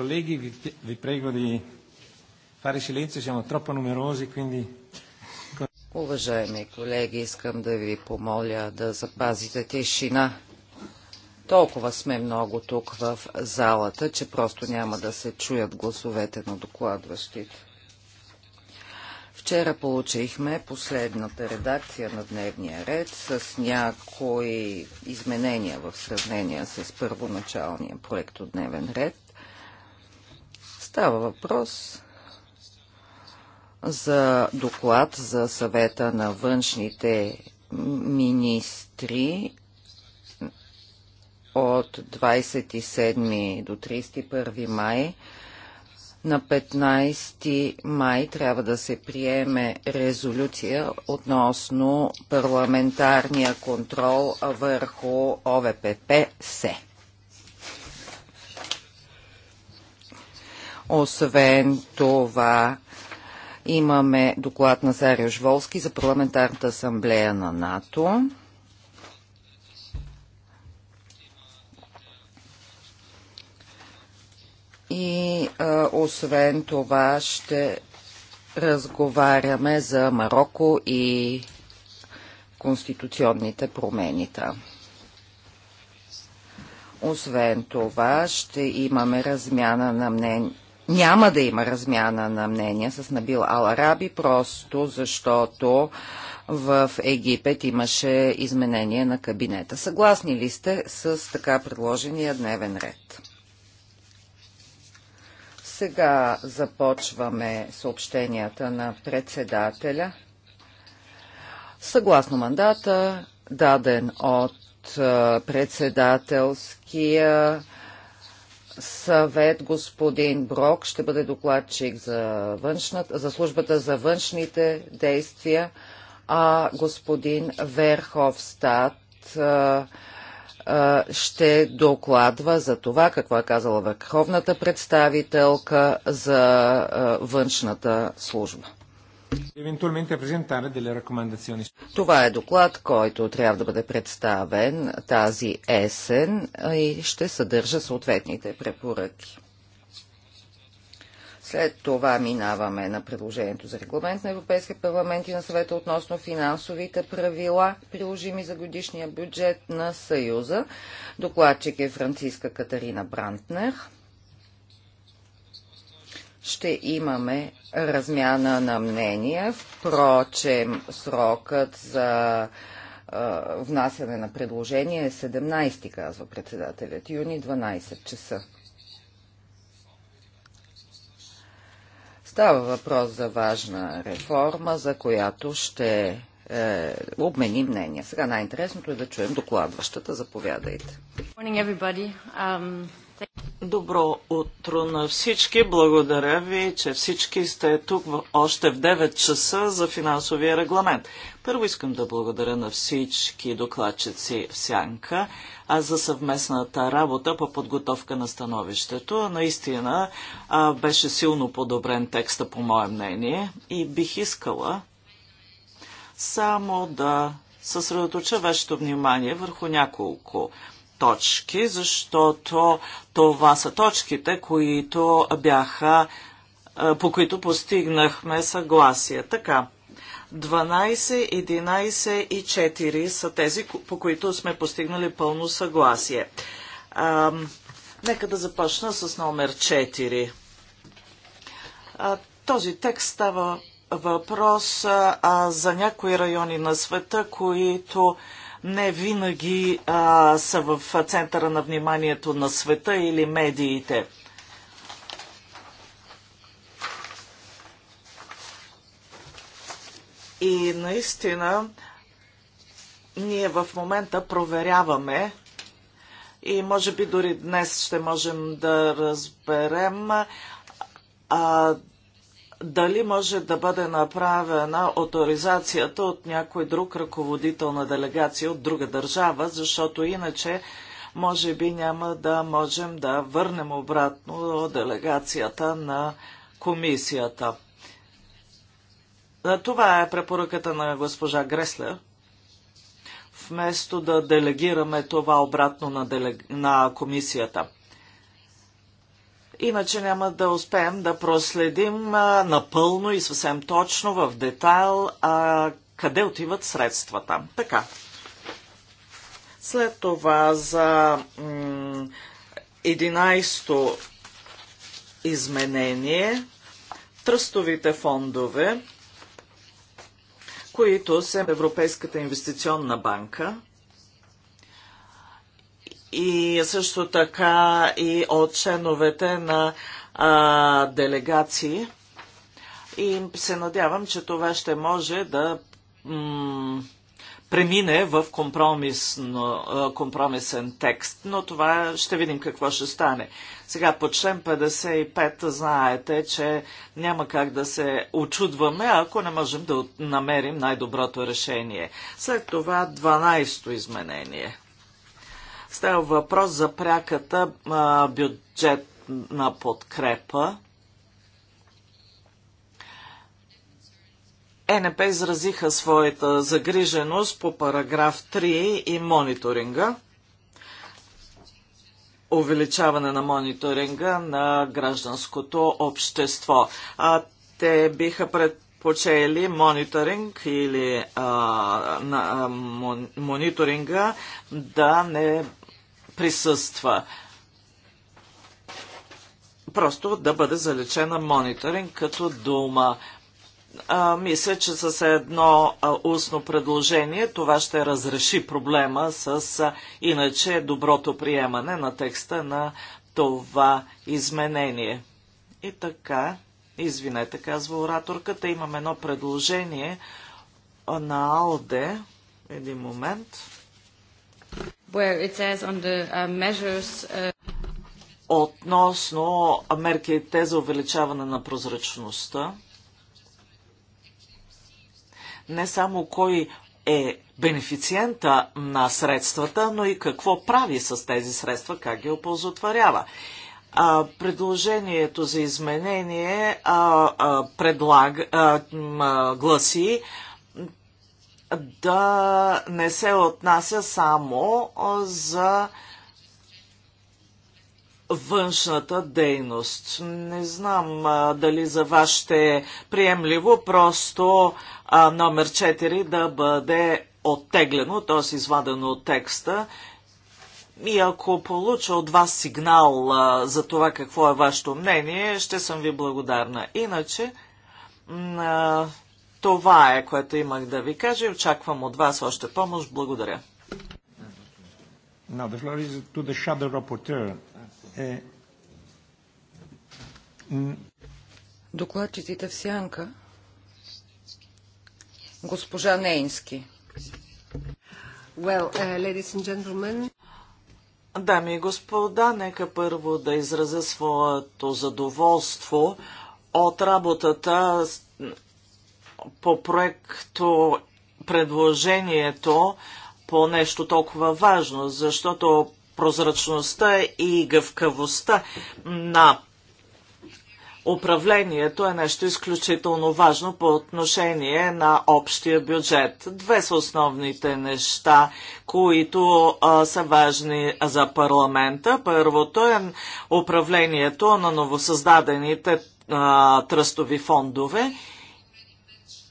Colleghi, vi, vi prego di fare silenzio, siamo troppo numerosi, quindi... Уважаеми колеги, искам да ви помоля да запазите тишина. Толкова сме много тук в залата, че просто няма да се чуят гласовете на докладващите. Вчера получихме последната редакция на дневния ред с някои изменения в сравнение с първоначалния проект от дневен ред. Става въпрос за доклад за съвета на външните министри от 27 до 31 май. На 15 май трябва да се приеме резолюция относно парламентарния контрол върху ОВПП-СЕ. Освен това, имаме доклад на Сариош Жволски за парламентарната асамблея на НАТО. И а, освен това ще разговаряме за Марокко и конституционните промени там. Освен това ще имаме размяна на мнение няма да има размяна на мнения с Набил Алараби, просто защото в Египет имаше изменение на кабинета. Съгласни ли сте с така предложения дневен ред? Сега започваме съобщенията на председателя. Съгласно мандата, даден от председателския съвет господин Брок ще бъде докладчик за, външната, за службата за външните действия, а господин Верховстат ще докладва за това, какво е казала върховната представителка за външната служба. Това е доклад, който трябва да бъде представен тази есен и ще съдържа съответните препоръки. След това минаваме на предложението за регламент на Европейския парламент и на съвета относно финансовите правила, приложими за годишния бюджет на Съюза. Докладчик е Франциска Катарина Брантнер ще имаме размяна на мнения. Впрочем, срокът за внасяне на предложение е 17, казва председателят, юни 12 часа. Става въпрос за важна реформа, за която ще е, обменим мнение. Сега най-интересното е да чуем докладващата. Заповядайте. Добро утро на всички. Благодаря ви, че всички сте тук в, още в 9 часа за финансовия регламент. Първо искам да благодаря на всички докладчици в Сянка а за съвместната работа по подготовка на становището. Наистина а, беше силно подобрен текста, по мое мнение, и бих искала само да съсредоточа вашето внимание върху няколко точки, защото това са точките, които бяха, е, по които постигнахме съгласие. Така, 12, 11 и 4 са тези, по които сме постигнали пълно съгласие. А, нека да започна с номер 4. А, този текст става въпрос а, за някои райони на света, които а, не винаги а, са в центъра на вниманието на света или медиите. И наистина ние в момента проверяваме и може би дори днес ще можем да разберем а, дали може да бъде направена авторизацията от някой друг ръководител на делегация от друга държава, защото иначе може би няма да можем да върнем обратно делегацията на комисията. Това е препоръката на госпожа Гресле, Вместо да делегираме това обратно на, делег... на комисията. Иначе няма да успеем да проследим а, напълно и съвсем точно в детайл а, къде отиват средствата. Така. След това за 11-то изменение тръстовите фондове, които са Европейската инвестиционна банка, и също така и от членовете на а, делегации. И се надявам, че това ще може да премине в компромисен текст, но това ще видим какво ще стане. Сега по член 55 знаете, че няма как да се очудваме, ако не можем да намерим най-доброто решение. След това 12-то изменение – Става въпрос за пряката а, бюджетна подкрепа. ЕНП изразиха своята загриженост по параграф 3 и мониторинга. Увеличаване на мониторинга на гражданското общество. А те биха предпочели мониторинг или а, на, а, мониторинга да не присъства. Просто да бъде залечена мониторинг като дума. А, мисля, че с едно а, устно предложение това ще разреши проблема с а, иначе доброто приемане на текста на това изменение. И така, извинете, казва ораторката, имам едно предложение на Алде. Един момент. Uh, measures... Uh, Относно мерките за увеличаване на прозрачността, не само кой е бенефициента на средствата, но и какво прави с тези средства, как ги оползотворява. предложението за изменение предлага гласи да не се отнася само за външната дейност. Не знам а, дали за вас ще е приемливо просто а, номер 4 да бъде оттеглено, т.е. извадено от текста. И ако получа от вас сигнал а, за това какво е вашето мнение, ще съм ви благодарна. Иначе, а, това е, което имах да ви кажа и очаквам от вас още помощ. Благодаря. Now the floor is to the shadow rapporteur. Е, Докладчиците в сянка. Госпожа Нейнски. Well, uh, ladies and gentlemen, Дами и господа, нека първо да изразя своето задоволство от работата по проекто предложението по нещо толкова важно, защото прозрачността и гъвкавостта на управлението е нещо изключително важно по отношение на общия бюджет. Две са основните неща, които а, са важни за парламента. Първото е управлението на новосъздадените а, тръстови фондове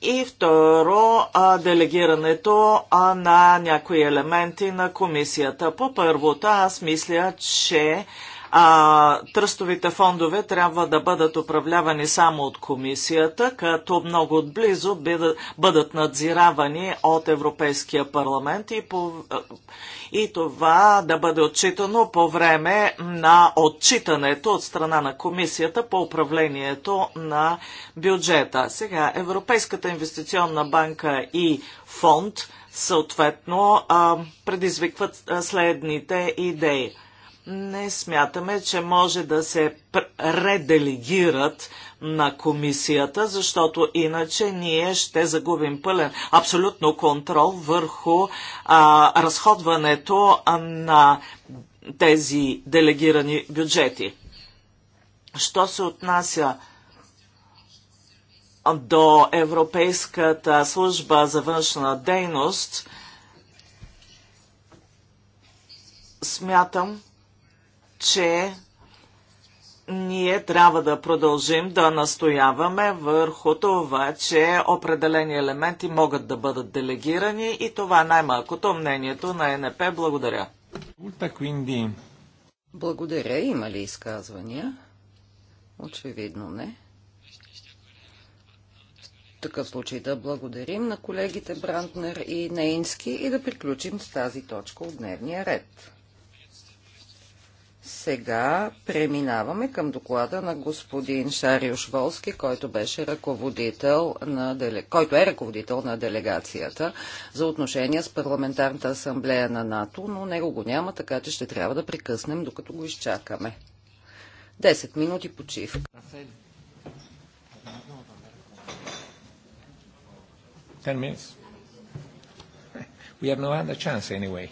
и второ, а, делегирането а, на някои елементи на комисията. По първото, аз мисля, че а, тръстовите фондове трябва да бъдат управлявани само от комисията, като много отблизо бъдат, бъдат надзиравани от Европейския парламент и, по, и това да бъде отчитано по време на отчитането от страна на комисията по управлението на бюджета. Сега Европейската инвестиционна банка и фонд съответно предизвикват следните идеи – не смятаме, че може да се ределегират на комисията, защото иначе ние ще загубим пълен, абсолютно контрол върху а, разходването на тези делегирани бюджети. Що се отнася до Европейската служба за външна дейност, смятам, че ние трябва да продължим да настояваме върху това, че определени елементи могат да бъдат делегирани и това най-малкото мнението на НП. Благодаря. Благодаря. Има ли изказвания? Очевидно не. В такъв случай да благодарим на колегите Брантнер и Неински и да приключим с тази точка от дневния ред. Сега преминаваме към доклада на господин Шариош Волски, който, беше ръководител на деле... който е ръководител на делегацията за отношения с Парламентарната асамблея на НАТО, но него го няма, така че ще трябва да прекъснем, докато го изчакаме. 10 минути почивка. Ten minutes. We have no other chance anyway.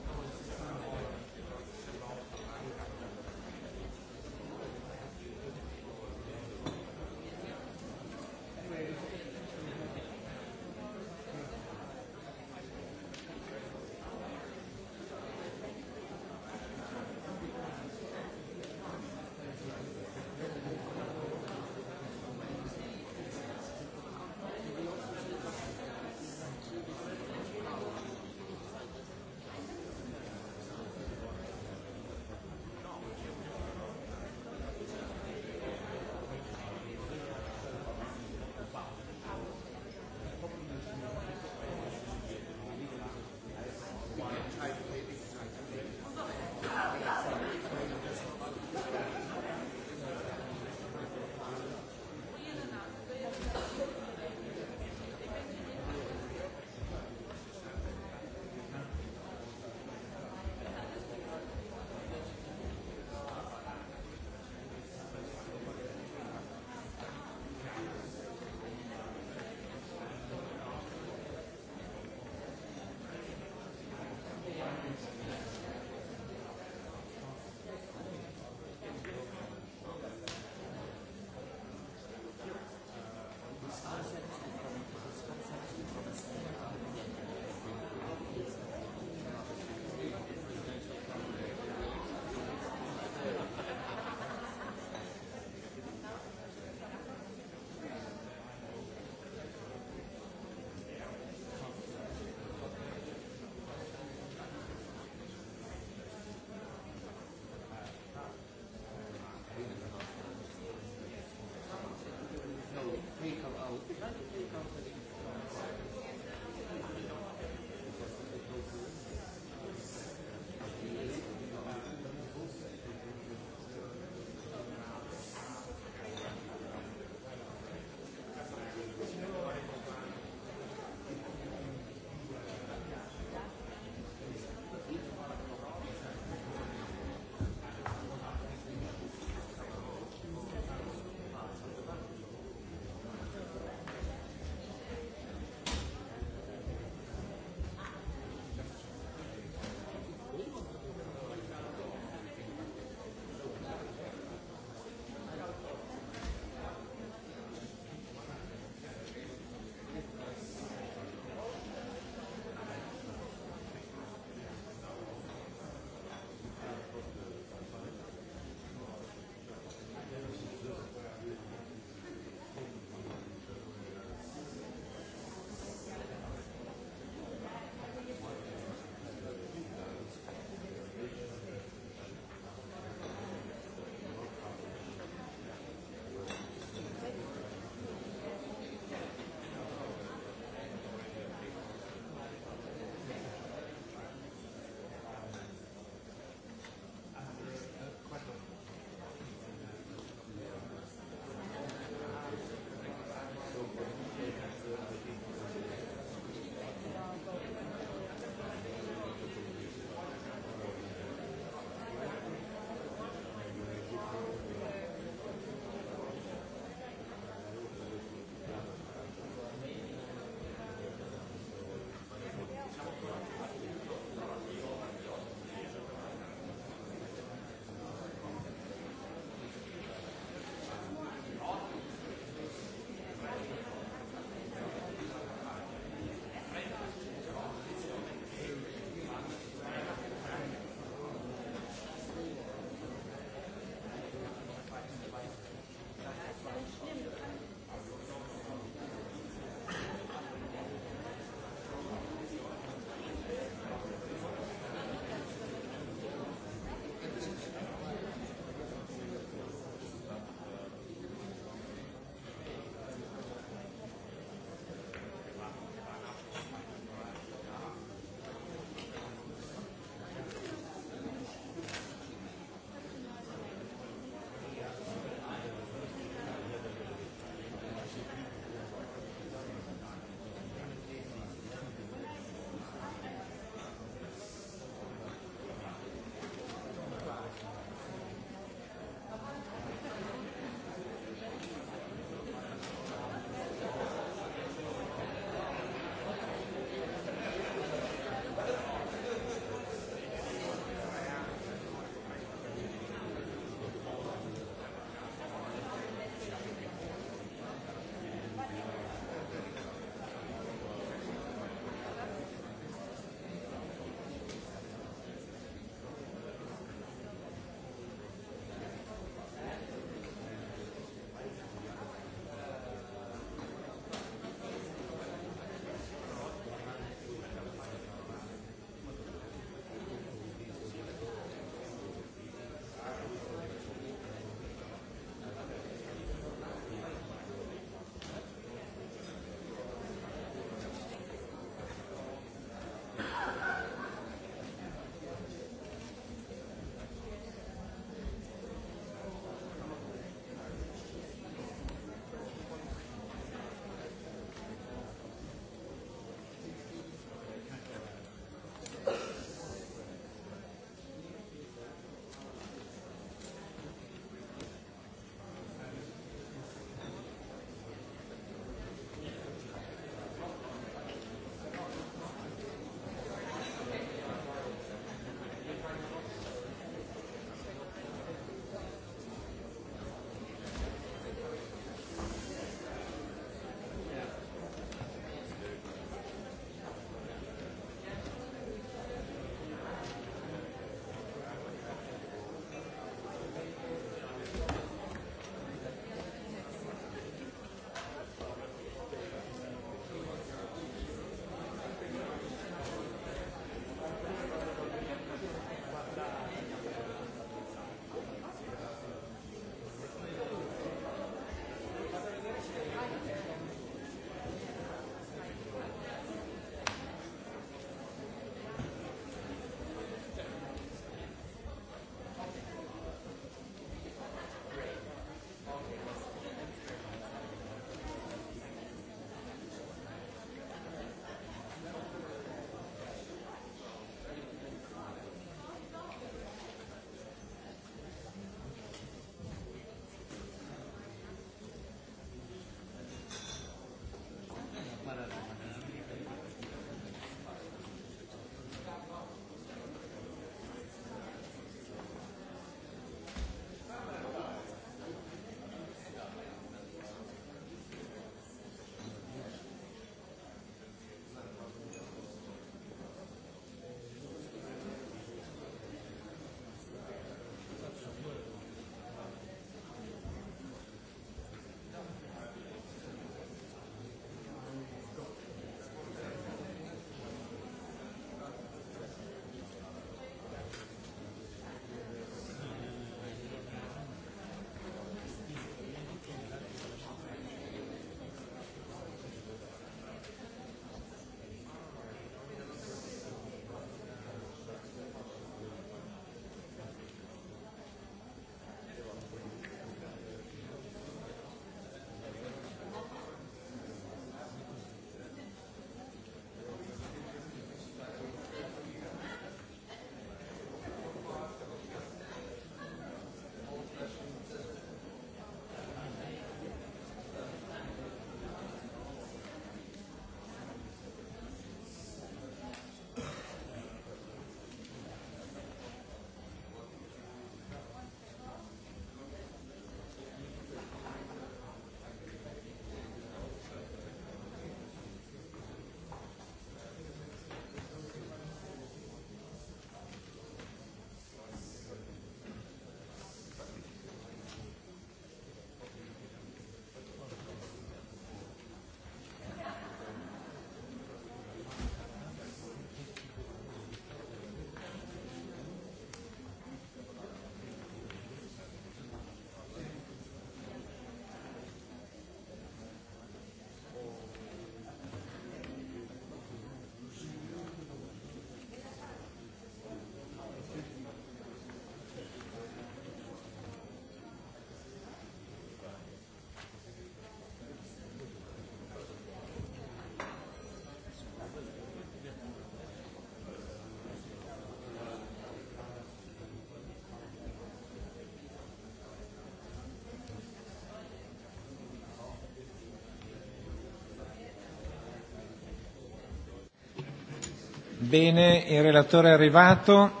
Bene, il relatore è arrivato.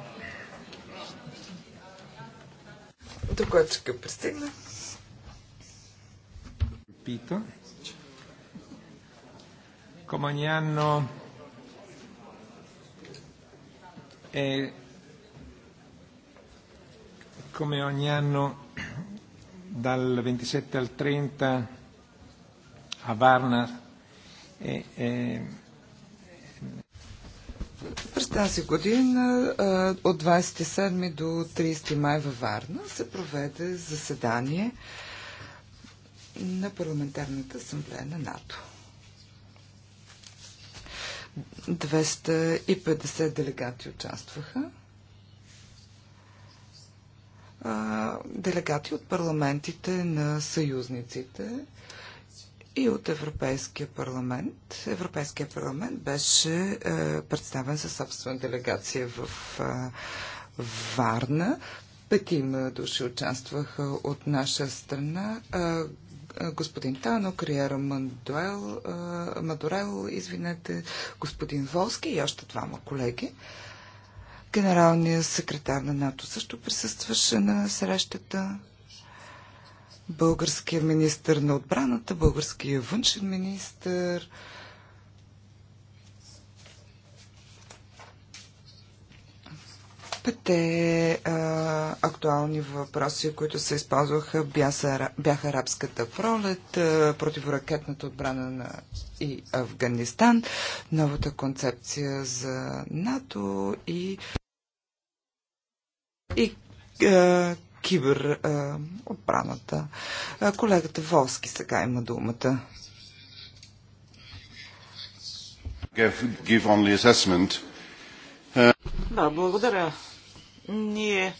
Come ogni anno è come ogni anno dal 27 al 30 a Varna è, è тази година от 27 до 30 май във Варна се проведе заседание на Парламентарната асамблея на НАТО. 250 делегати участваха. Делегати от парламентите на съюзниците, и от Европейския парламент. Европейския парламент беше е, представен със собствена делегация в е, Варна. Петима души участваха от наша страна. Е, е господин Тано, Криера Мандуел, е, Мадурел, извинете, господин Волски и още двама колеги. Генералният секретар на НАТО също присъстваше на срещата българския министр на отбраната, българския външен министр. Пете а, актуални въпроси, които се използваха, бяха, бяха арабската пролет, а, противоракетната отбрана на и Афганистан, новата концепция за НАТО и, и а, киберотбраната. Колегата Волски сега има думата. Е, да, благодаря. Ние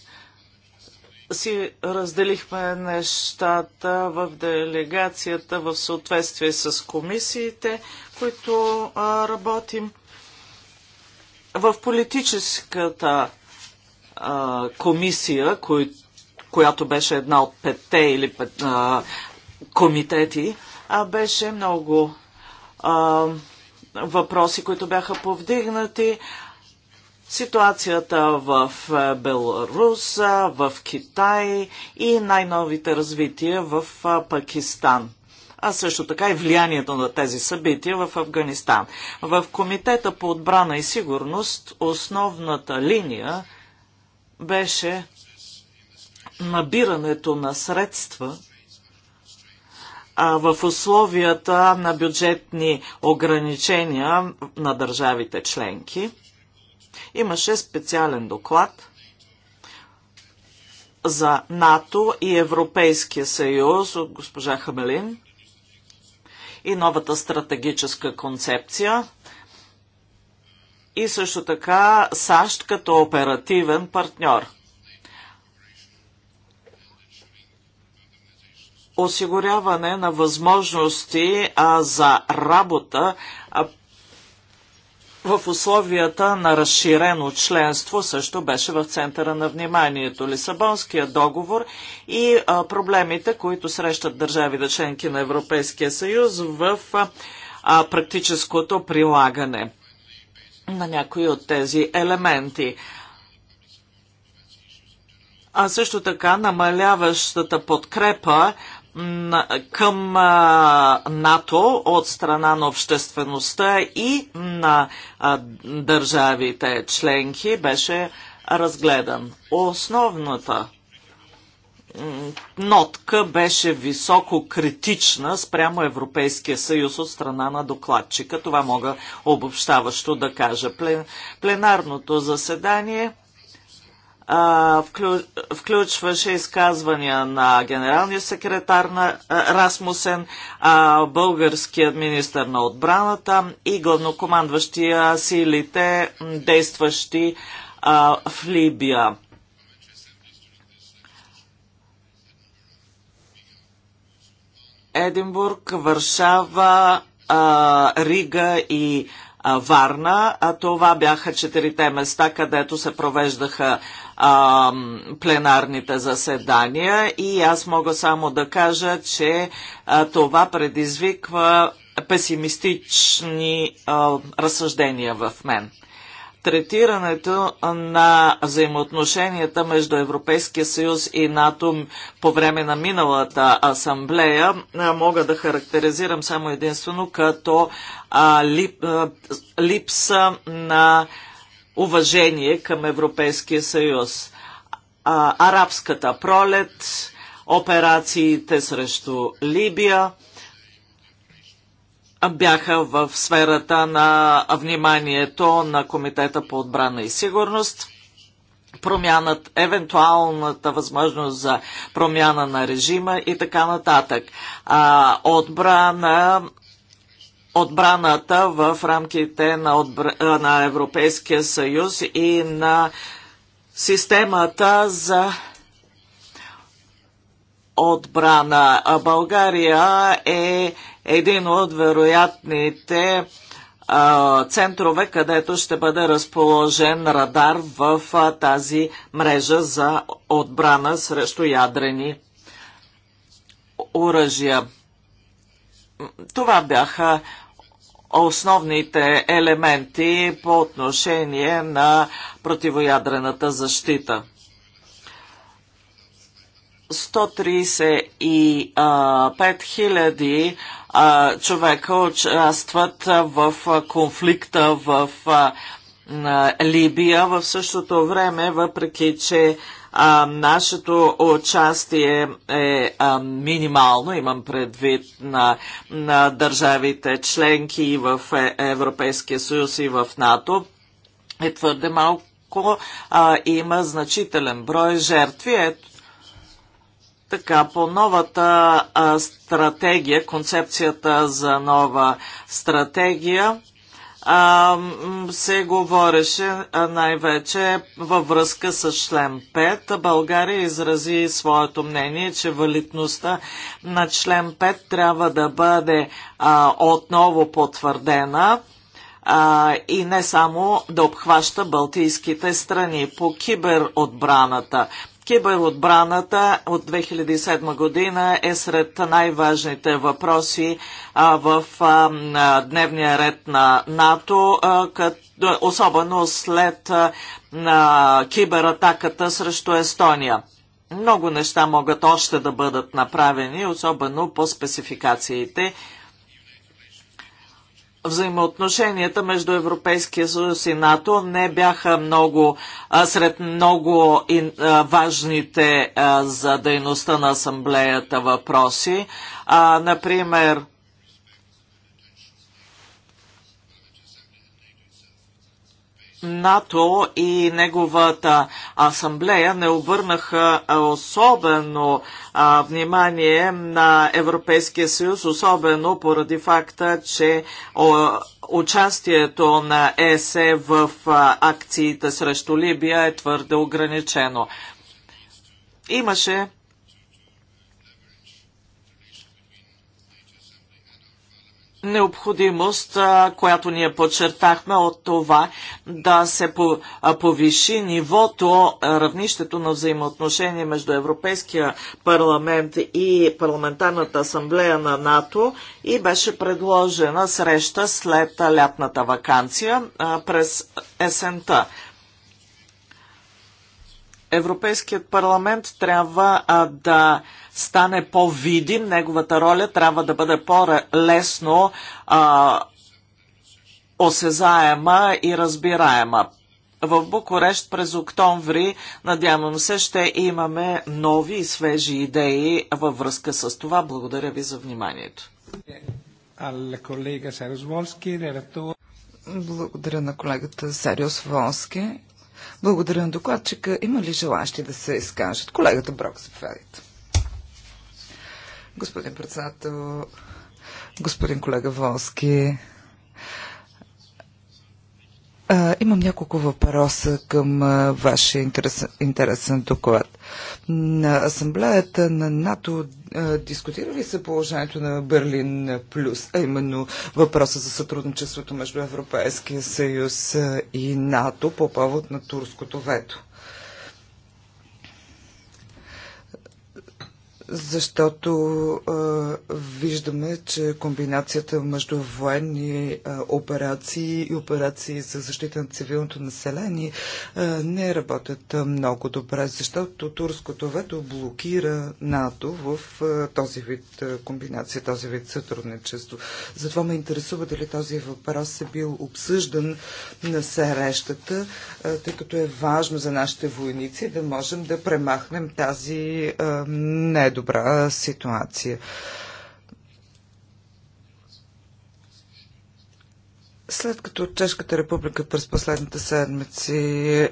си разделихме нещата в делегацията в съответствие с комисиите, които работим. В политическата комисия, които която беше една от петте или пет, а, комитети, а беше много а, въпроси, които бяха повдигнати. Ситуацията в Беларус, в Китай и най-новите развития в Пакистан а също така и влиянието на тези събития в Афганистан. В Комитета по отбрана и сигурност основната линия беше набирането на средства а в условията на бюджетни ограничения на държавите членки. Имаше специален доклад за НАТО и Европейския съюз от госпожа Хамелин и новата стратегическа концепция и също така САЩ като оперативен партньор. осигуряване на възможности а, за работа а, в условията на разширено членство също беше в центъра на вниманието. Лисабонския договор и а, проблемите, които срещат държавите членки на Европейския съюз в а, а, практическото прилагане на някои от тези елементи. А също така намаляващата подкрепа към НАТО от страна на обществеността и на държавите членки беше разгледан. Основната нотка беше високо критична спрямо Европейския съюз от страна на докладчика. Това мога обобщаващо да кажа. Пленарното заседание включваше изказвания на генералния секретар на Расмусен, българският министр на отбраната и главнокомандващия силите, действащи в Либия. Единбург, Варшава, Рига и Варна. Това бяха четирите места, където се провеждаха а, пленарните заседания и аз мога само да кажа, че а, това предизвиква песимистични а, разсъждения в мен третирането на взаимоотношенията между Европейския съюз и НАТО по време на миналата асамблея мога да характеризирам само единствено като а, лип, а, липса на уважение към Европейския съюз. А, арабската пролет, операциите срещу Либия – бяха в сферата на вниманието на Комитета по отбрана и сигурност. Промянат, евентуалната възможност за промяна на режима и така нататък. А, отбрана отбраната в рамките на, отбра... на Европейския съюз и на системата за отбрана. България е един от вероятните центрове, където ще бъде разположен радар в тази мрежа за отбрана срещу ядрени оръжия. Това бяха основните елементи по отношение на противоядрената защита. 135 хиляди 000 а, човека участват в конфликта в а, Либия. В същото време, въпреки че а, нашето участие е а, минимално, имам предвид на, на държавите членки и в е, Европейския съюз и в НАТО, е твърде малко. А, има значителен брой жертви. Ето така, по новата а, стратегия, концепцията за нова стратегия, а, се говореше най-вече във връзка с член 5. България изрази своето мнение, че валидността на член 5 трябва да бъде а, отново потвърдена и не само да обхваща балтийските страни. По киберотбраната Киберотбраната от 2007 година е сред най-важните въпроси а, в а, дневния ред на НАТО, а, кът, особено след а, кибератаката срещу Естония. Много неща могат още да бъдат направени, особено по спецификациите взаимоотношенията между Европейския съюз и НАТО не бяха много, а, сред много и, а, важните а, за дейността на асамблеята въпроси. А, например, НАТО и неговата асамблея не обърнаха особено внимание на Европейския съюз, особено поради факта, че участието на ЕСЕ в акциите срещу Либия е твърде ограничено. Имаше необходимост, която ние подчертахме от това да се повиши нивото, равнището на взаимоотношение между Европейския парламент и Парламентарната асамблея на НАТО и беше предложена среща след лятната вакансия през есента. Европейският парламент трябва да стане по-видим, неговата роля трябва да бъде по-лесно осезаема и разбираема. В Букурещ през октомври, надявам се, ще имаме нови и свежи идеи във връзка с това. Благодаря ви за вниманието. Благодаря на колегата Сариус Волски. Благодаря на докладчика. Има ли желащи да се изкажат? Колегата Брок, заповядайте господин председател, господин колега Волски. А, имам няколко въпроса към а, вашия интерес, интересен доклад. На асамблеята на НАТО дискутира ли се положението на Берлин Плюс, а именно въпроса за сътрудничеството между Европейския съюз и НАТО по повод на турското вето? защото а, виждаме, че комбинацията между военни а, операции и операции за защита на цивилното население а, не работят много добре, защото турското вето блокира НАТО в а, този вид а, комбинация, този вид сътрудничество. Затова ме интересува дали този въпрос е бил обсъждан на срещата, а, тъй като е важно за нашите войници да можем да премахнем тази а, не добра ситуация. След като Чешката република през последните седмици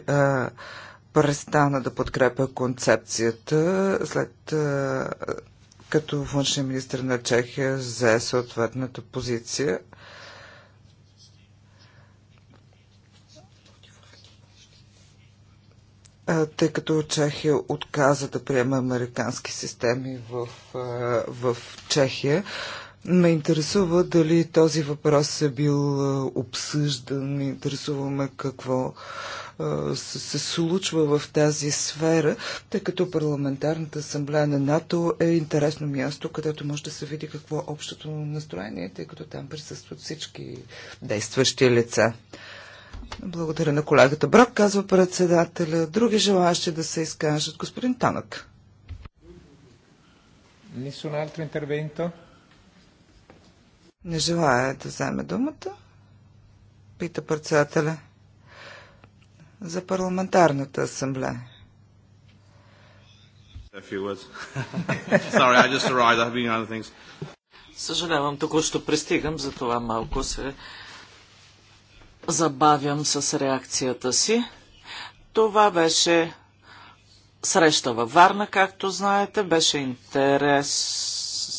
престана да подкрепя концепцията, след като външния министр на Чехия взе съответната позиция, тъй като Чехия отказа да приема американски системи в, в Чехия. Ме интересува дали този въпрос е бил обсъждан, ме ме какво се, се случва в тази сфера, тъй като Парламентарната асамблея на НАТО е интересно място, където може да се види какво е общото настроение, тъй като там присъстват всички действащи лица. Благодаря на колегата Брак, казва председателя. Други желаящи да се изкажат. Господин Танък. Не желая да вземе думата. Пита председателя. За парламентарната асамблея. Sorry, Съжалявам, току-що пристигам, за това малко се забавям с реакцията си. Това беше среща във Варна, както знаете. Беше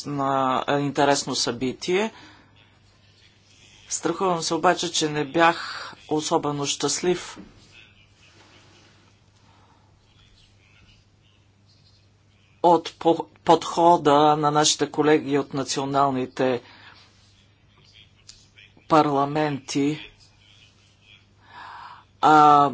на... Е, интересно събитие. Страхувам се обаче, че не бях особено щастлив. от подхода на нашите колеги от националните парламенти а,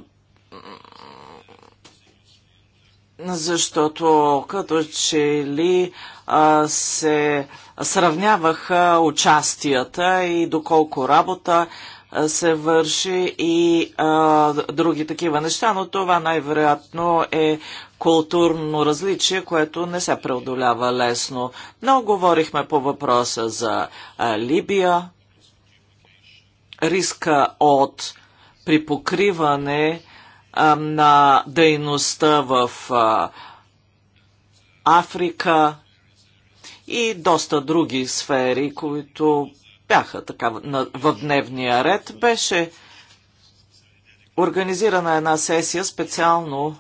защото като че ли а, се сравняваха участията и доколко работа се върши и а, други такива неща, но това най-вероятно е културно различие, което не се преодолява лесно. Но говорихме по въпроса за а, Либия, риска от при покриване а, на дейността в а, Африка и доста други сфери, които бяха така на, в дневния ред, беше организирана една сесия специално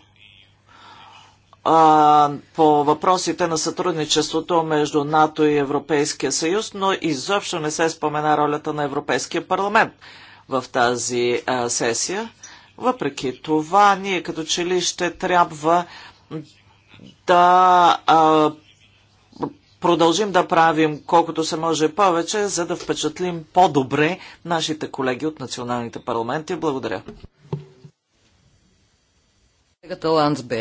а, по въпросите на сътрудничеството между НАТО и Европейския съюз, но изобщо не се спомена ролята на Европейския парламент в тази а, сесия. Въпреки това, ние като че ли ще трябва да а, продължим да правим колкото се може повече, за да впечатлим по-добре нашите колеги от националните парламенти. Благодаря. You,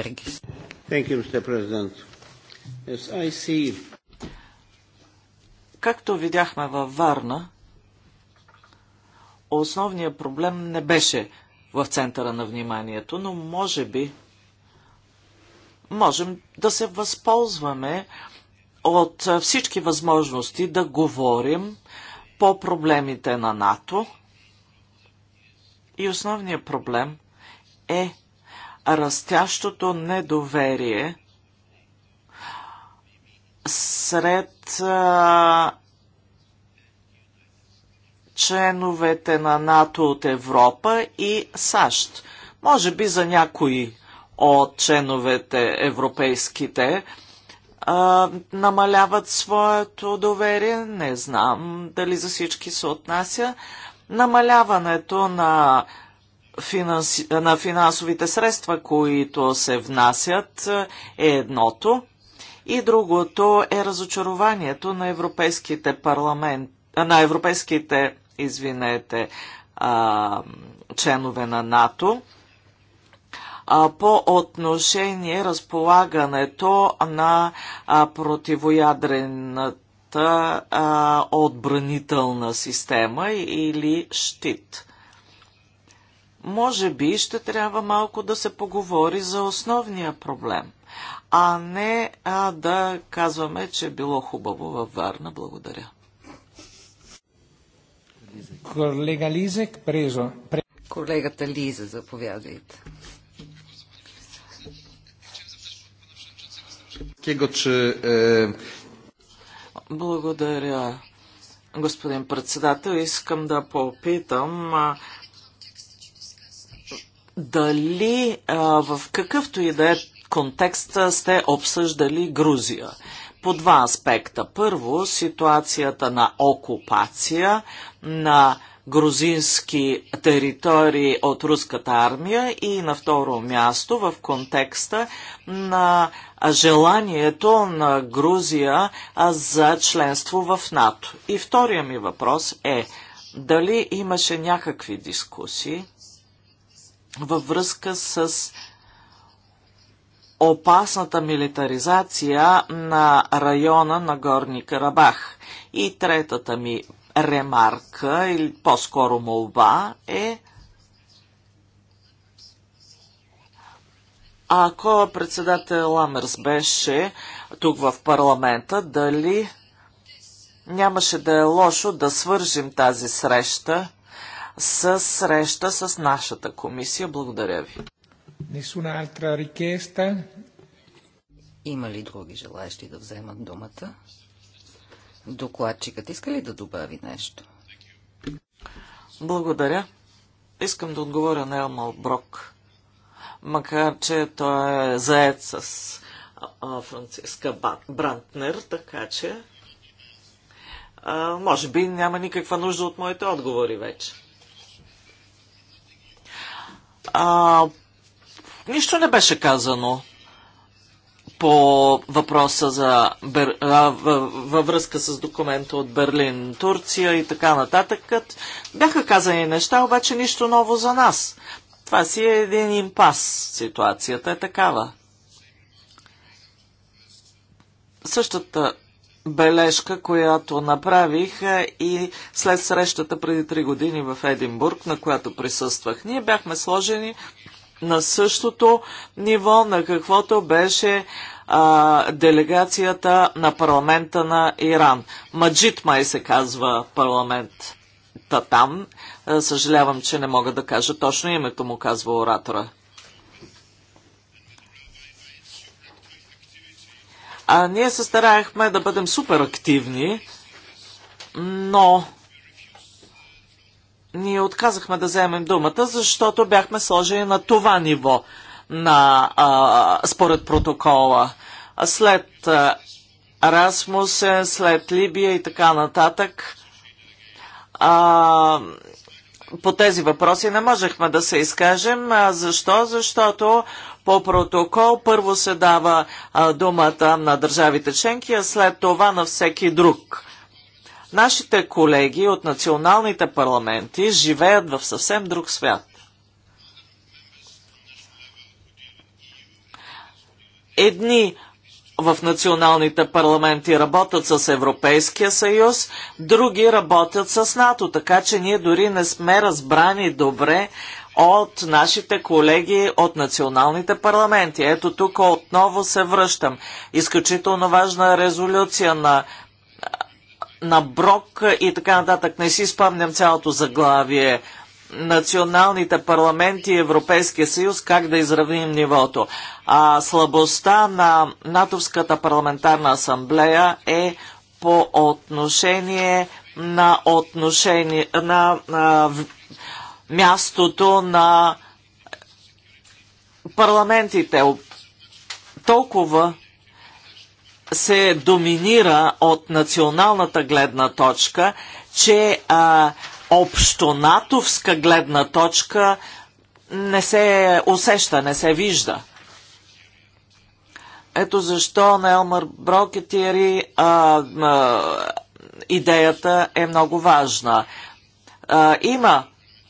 Както видяхме във Варна, основният проблем не беше в центъра на вниманието, но може би можем да се възползваме от всички възможности да говорим по проблемите на НАТО. И основният проблем е растящото недоверие сред а, членовете на НАТО от Европа и САЩ. Може би за някои от членовете европейските а, намаляват своето доверие. Не знам дали за всички се отнася. Намаляването на, финанс... на финансовите средства, които се внасят, е едното. И другото е разочарованието на европейските парламент на европейските извинете, а, членове на НАТО а, по отношение разполагането на а, противоядрената а, отбранителна система или щит. Може би ще трябва малко да се поговори за основния проблем, а не а, да казваме, че е било хубаво във Варна. Благодаря. Колега презо. Колегата Лиза, заповядайте. Е, Благодаря, господин председател. Искам да попитам дали в какъвто и да е контекст сте обсъждали Грузия. По два аспекта. Първо, ситуацията на окупация – на грузински територии от руската армия и на второ място в контекста на желанието на Грузия за членство в НАТО. И втория ми въпрос е дали имаше някакви дискусии във връзка с опасната милитаризация на района на Горни Карабах. И третата ми ремарка или по-скоро молба е ако председател Ламерс беше тук в парламента, дали нямаше да е лошо да свържим тази среща с среща с нашата комисия. Благодаря ви. алтра рикеста. Има ли други желаящи да вземат думата? Докладчикът иска ли да добави нещо? Благодаря. Искам да отговоря на Елмал Брок. Макар, че той е заед с Франциска Брантнер, така че а, може би няма никаква нужда от моите отговори вече. А, нищо не беше казано по въпроса за Бер... във връзка с документа от Берлин, Турция и така нататък. Бяха казани неща, обаче нищо ново за нас. Това си е един импас. Ситуацията е такава. Същата бележка, която направих е, и след срещата преди три години в Единбург, на която присъствах. Ние бяхме сложени на същото ниво, на каквото беше а, делегацията на парламента на Иран. Маджит май се казва парламент там. Съжалявам, че не мога да кажа точно името му, казва оратора. А ние се стараехме да бъдем супер активни, но ние отказахме да вземем думата, защото бяхме сложени на това ниво на, а, според протокола. След а, Расмусен, след Либия и така нататък, а, по тези въпроси не можехме да се изкажем. Защо? Защото по протокол първо се дава а, думата на държавите членки, а след това на всеки друг. Нашите колеги от националните парламенти живеят в съвсем друг свят. Едни в националните парламенти работят с Европейския съюз, други работят с НАТО, така че ние дори не сме разбрани добре от нашите колеги от националните парламенти. Ето тук отново се връщам. Изключително важна резолюция на на Брок и така нататък. Не си спомням цялото заглавие. Националните парламенти и Европейския съюз, как да изравним нивото. А слабостта на НАТОвската парламентарна асамблея е по отношение на, отношение, на, на мястото на парламентите. Толкова се доминира от националната гледна точка, че а, общонатовска гледна точка не се усеща, не се вижда. Ето защо на Елмар Брокетири а, а, идеята е много важна. А, има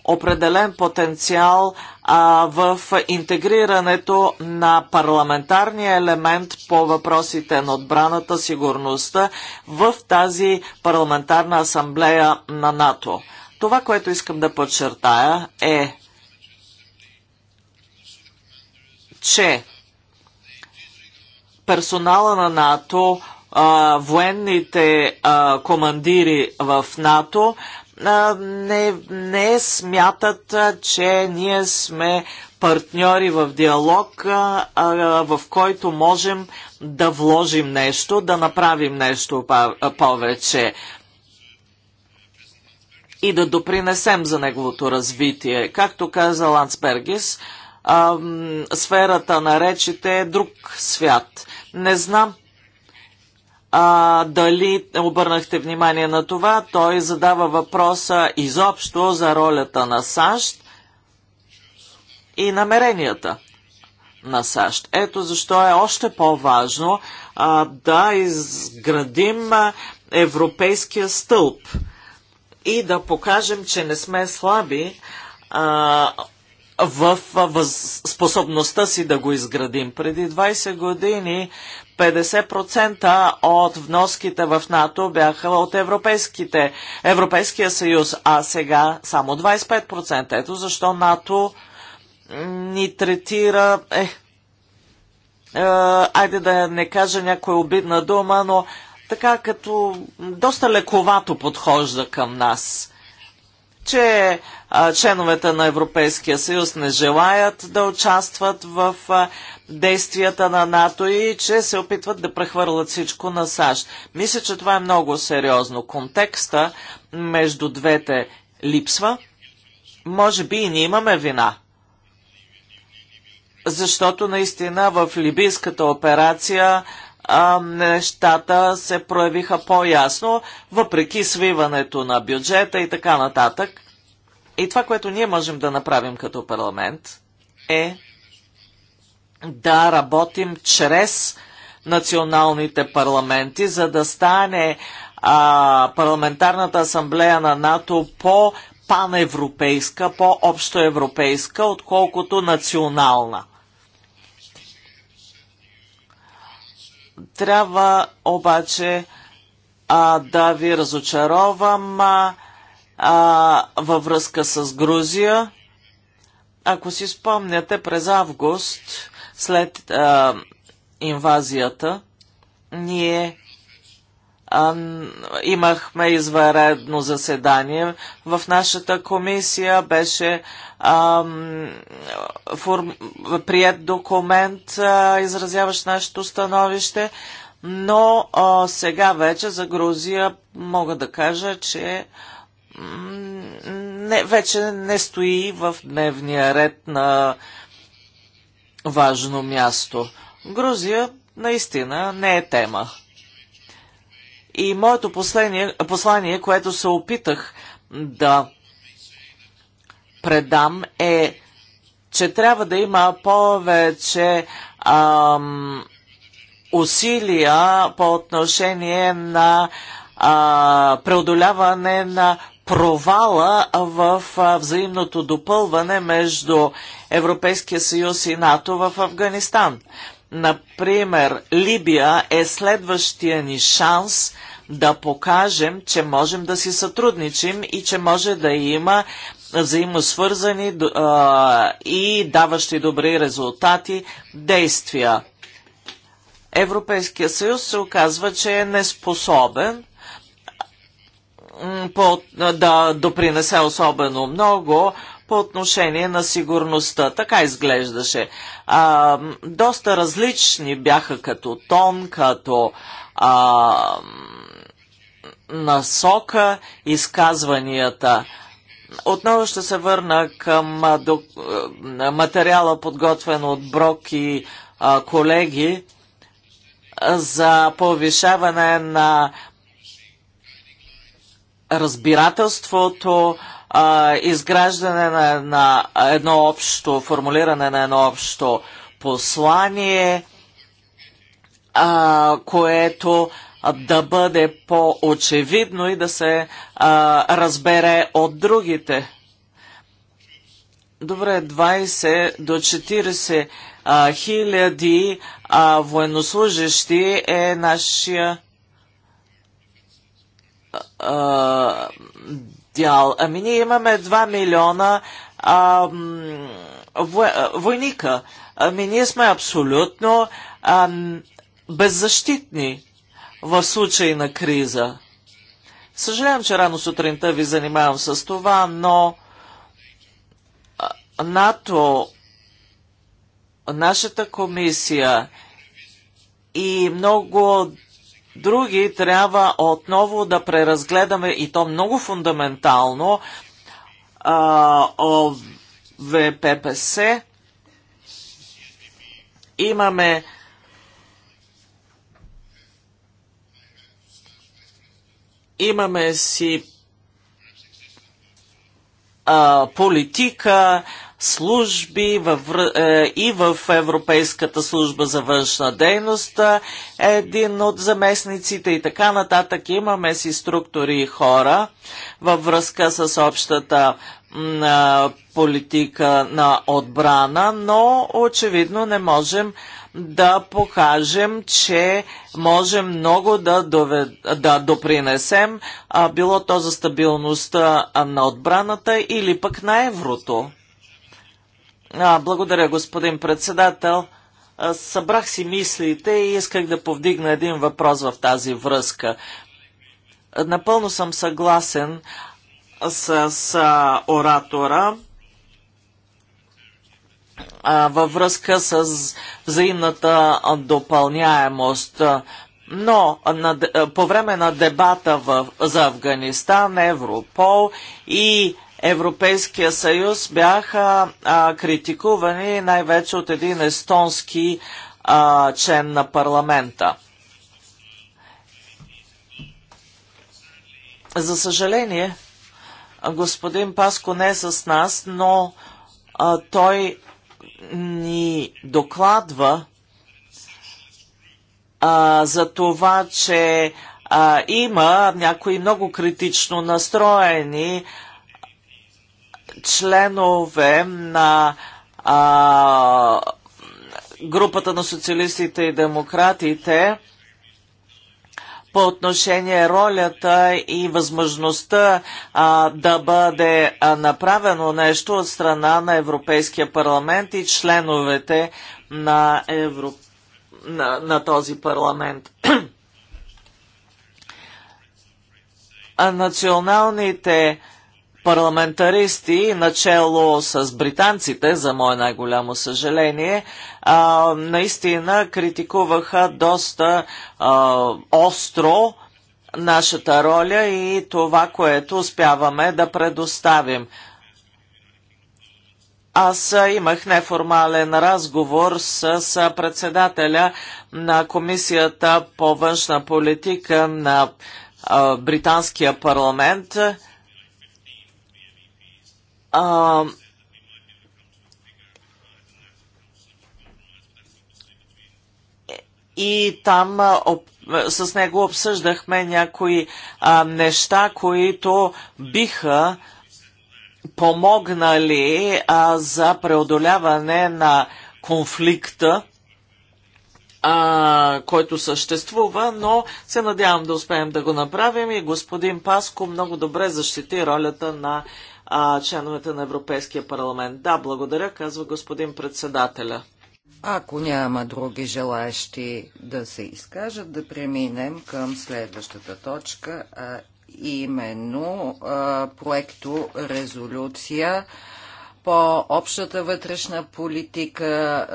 определен потенциал а, в интегрирането на парламентарния елемент по въпросите на отбраната, сигурността в тази парламентарна асамблея на НАТО. Това, което искам да подчертая е, че персонала на НАТО, военните командири в НАТО не, не смятат, че ние сме партньори в диалог, в който можем да вложим нещо, да направим нещо повече и да допринесем за неговото развитие. Както каза Ландсбергис, сферата на речите е друг свят. Не знам а, дали обърнахте внимание на това, той задава въпроса изобщо за ролята на САЩ и намеренията на САЩ. Ето защо е още по-важно да изградим европейския стълб и да покажем, че не сме слаби а, в, в, в способността си да го изградим. Преди 20 години 50% от вноските в НАТО бяха от Европейските, Европейския съюз, а сега само 25%. Ето защо НАТО ни третира, е, е, айде да не кажа някоя обидна дума, но така като доста лековато подхожда към нас. Че членовете на Европейския съюз не желаят да участват в действията на НАТО и че се опитват да прехвърлят всичко на САЩ. Мисля, че това е много сериозно. Контекста между двете липсва. Може би и ние имаме вина. Защото наистина в либийската операция а, нещата се проявиха по-ясно, въпреки свиването на бюджета и така нататък. И това, което ние можем да направим като парламент е да работим чрез националните парламенти, за да стане а, парламентарната асамблея на НАТО по паневропейска, по-общоевропейска, отколкото национална. Трябва обаче а, да ви разочаровам. А, а, във връзка с Грузия. Ако си спомняте, през август, след а, инвазията, ние а, имахме изваредно заседание. В нашата комисия беше а, форм, прият документ, а, изразяващ нашето становище, но а, сега вече за Грузия мога да кажа, че а, не, вече не стои в дневния ред на важно място. Грузия наистина не е тема. И моето послание, послание което се опитах да предам е, че трябва да има повече ам, усилия по отношение на а, преодоляване на провала в взаимното допълване между Европейския съюз и НАТО в Афганистан. Например, Либия е следващия ни шанс да покажем, че можем да си сътрудничим и че може да има взаимосвързани и даващи добри резултати действия. Европейския съюз се оказва, че е неспособен по, да допринесе особено много по отношение на сигурността. Така изглеждаше. А, доста различни бяха като тон, като а, насока изказванията. Отново ще се върна към до, материала, подготвен от Брок и а, колеги за повишаване на разбирателството, а, изграждане на, на едно общо, формулиране на едно общо послание, а, което да бъде по-очевидно и да се а, разбере от другите. Добре, 20 до 40 а, хиляди а, военнослужащи е нашия дял. Ами ние имаме 2 милиона а, войника. Ами ние сме абсолютно а, беззащитни в случай на криза. Съжалявам, че рано сутринта ви занимавам с това, но НАТО, нашата комисия и много други трябва отново да преразгледаме и то много фундаментално а, Имаме имаме си а, политика, служби в, е, и в Европейската служба за външна дейност, един от заместниците и така нататък. Имаме си структури и хора във връзка с общата политика на отбрана, но очевидно не можем да покажем, че можем много да, довед... да допринесем, а, било то за стабилността на отбраната или пък на еврото. А, благодаря, господин председател. Събрах си мислите и исках да повдигна един въпрос в тази връзка. Напълно съм съгласен с, с оратора във връзка с взаимната допълняемост. Но на, по време на дебата в, за Афганистан, Европол и Европейския съюз бяха а, критикувани най-вече от един естонски а, член на парламента. За съжаление, господин Паско не е с нас, но а, той ни докладва а, за това, че а, има някои много критично настроени членове на а, групата на социалистите и демократите, по отношение ролята и възможността а, да бъде а, направено нещо от страна на Европейския парламент и членовете на, Евро... на, на този парламент. а националните а, парламентаристи, начало с британците, за мое най-голямо съжаление, а, наистина критикуваха доста а, остро нашата роля и това, което успяваме да предоставим. Аз имах неформален разговор с председателя на Комисията по външна политика на Британския парламент – и там об, с него обсъждахме някои а, неща, които биха помогнали а, за преодоляване на конфликта, а, който съществува, но се надявам да успеем да го направим и господин Паско много добре защити ролята на а, членовете на Европейския парламент. Да, благодаря, казва господин председателя. Ако няма други желаящи да се изкажат, да преминем към следващата точка, а именно а, проекто резолюция по общата вътрешна политика,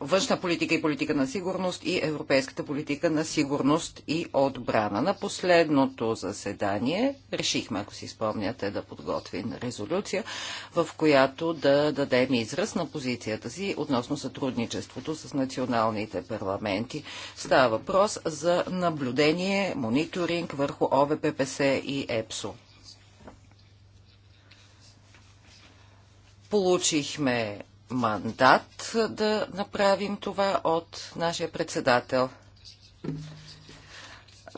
външна политика и политика на сигурност и европейската политика на сигурност и отбрана. На последното заседание решихме, ако си спомняте, да подготвим резолюция, в която да дадем израз на позицията си относно сътрудничеството с националните парламенти. Става въпрос за наблюдение, мониторинг върху ОВППС и ЕПСО. Получихме мандат да направим това от нашия председател.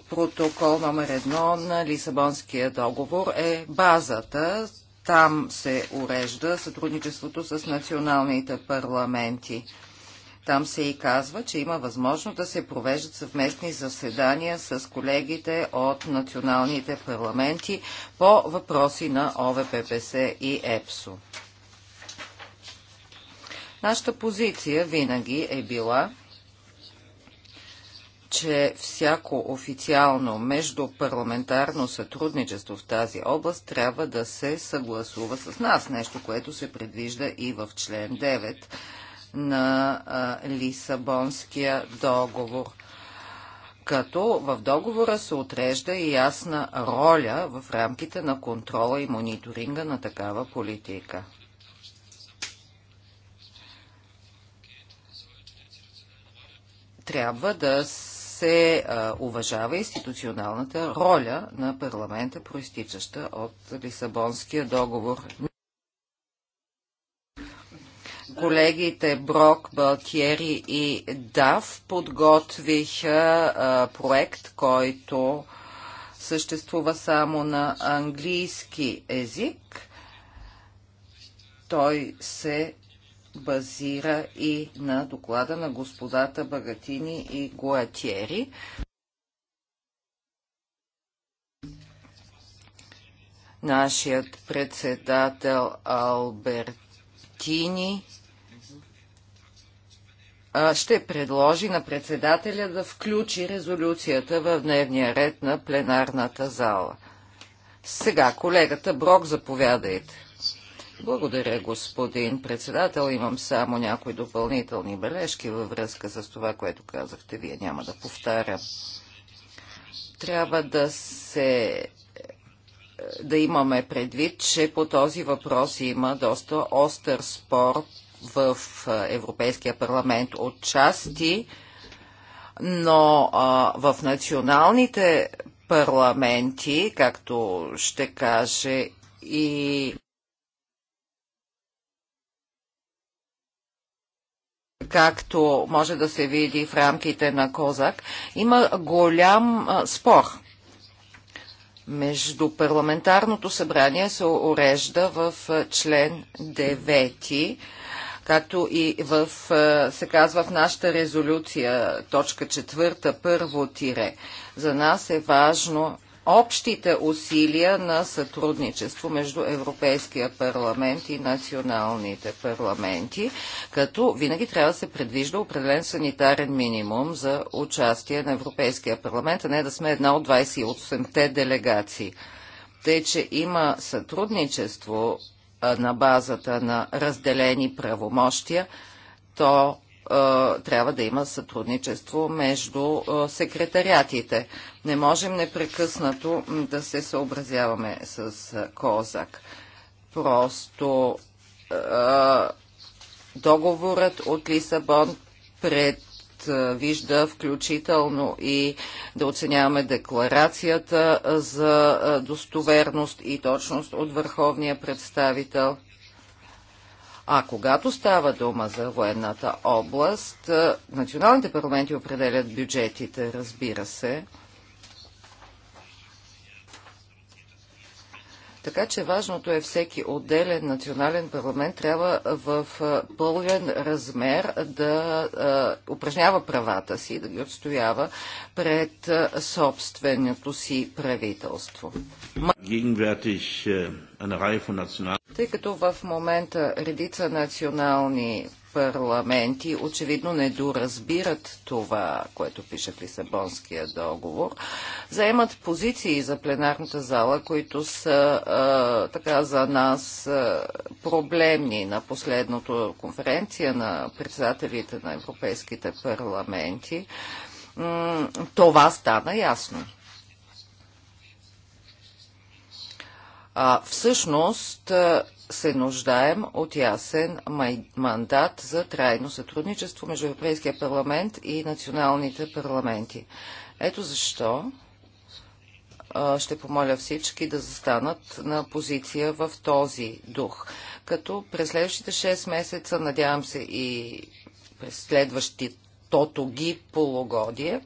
Протокол номер едно на Лисабонския договор е базата. Там се урежда сътрудничеството с националните парламенти. Там се и казва, че има възможност да се провеждат съвместни заседания с колегите от националните парламенти по въпроси на ОВППС и ЕПСО. Нашата позиция винаги е била, че всяко официално междупарламентарно сътрудничество в тази област трябва да се съгласува с нас, нещо, което се предвижда и в член 9 на Лисабонския договор като в договора се отрежда и ясна роля в рамките на контрола и мониторинга на такава политика. трябва да се уважава институционалната роля на парламента, проистичаща от Лисабонския договор. Колегите Брок, Балтиери и Дав подготвиха а, проект, който съществува само на английски език. Той се базира и на доклада на господата Багатини и Гуатьери. Нашият председател Албертини ще предложи на председателя да включи резолюцията в дневния ред на пленарната зала. Сега колегата Брок, заповядайте. Благодаря, господин председател. Имам само някои допълнителни бележки във връзка с това, което казахте. Вие няма да повтаря. Трябва да се да имаме предвид, че по този въпрос има доста остър спор в Европейския парламент от части, но а, в националните парламенти, както ще каже и както може да се види в рамките на Козак, има голям спор. Между парламентарното събрание се урежда в член 9 както и в, се казва в нашата резолюция, точка четвърта, първо тире. За нас е важно общите усилия на сътрудничество между Европейския парламент и националните парламенти, като винаги трябва да се предвижда определен санитарен минимум за участие на Европейския парламент, а не да сме една от 28-те делегации. Тъй, че има сътрудничество на базата на разделени правомощия, то трябва да има сътрудничество между секретариатите. Не можем непрекъснато да се съобразяваме с Козак. Просто договорът от Лисабон пред вижда включително и да оценяваме декларацията за достоверност и точност от върховния представител – а когато става дума за военната област, е, националните парламенти определят бюджетите, разбира се, Така че важното е всеки отделен национален парламент трябва в пълен размер да упражнява правата си, да ги отстоява пред собственото си правителство. Тъй като в момента редица национални парламенти очевидно не доразбират това, което пише в Лисабонския договор, заемат позиции за пленарната зала, които са а, така за нас а, проблемни на последното конференция на председателите на европейските парламенти. това стана ясно. А, всъщност, се нуждаем от ясен мандат за трайно сътрудничество между Европейския парламент и националните парламенти. Ето защо ще помоля всички да застанат на позиция в този дух. Като през следващите 6 месеца, надявам се и през следващото ги полугодие,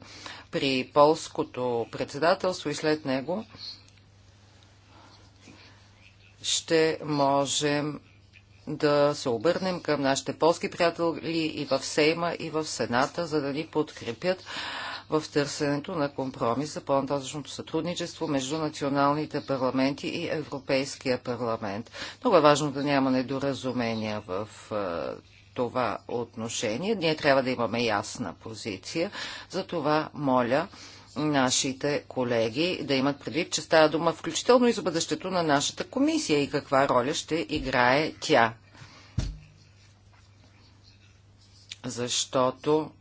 при полското председателство и след него, ще можем да се обърнем към нашите полски приятели и в Сейма, и в Сената, за да ни подкрепят в търсенето на компромис за по-нататъчното сътрудничество между националните парламенти и Европейския парламент. Много е важно да няма недоразумения в това отношение. Ние трябва да имаме ясна позиция. За това моля нашите колеги да имат предвид, че става дума включително и за бъдещето на нашата комисия и каква роля ще играе тя. Защото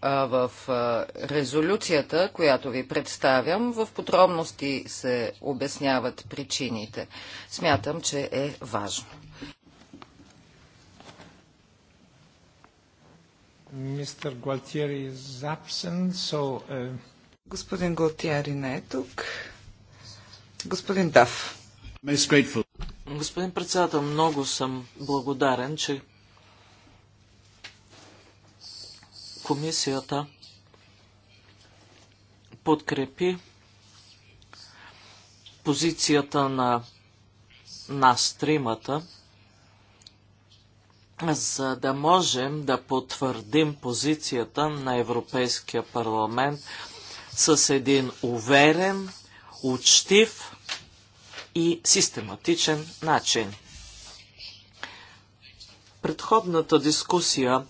а, в а, резолюцията, която ви представям, в подробности се обясняват причините. Смятам, че е важно. Мистер Гуалтиери is absent, so... Uh... Господин Галтиери не е тук. Господин Дав. Господин председател, много съм благодарен, че комисията подкрепи позицията на нас тримата – за да можем да потвърдим позицията на Европейския парламент с един уверен, учтив и систематичен начин. Предходната дискусия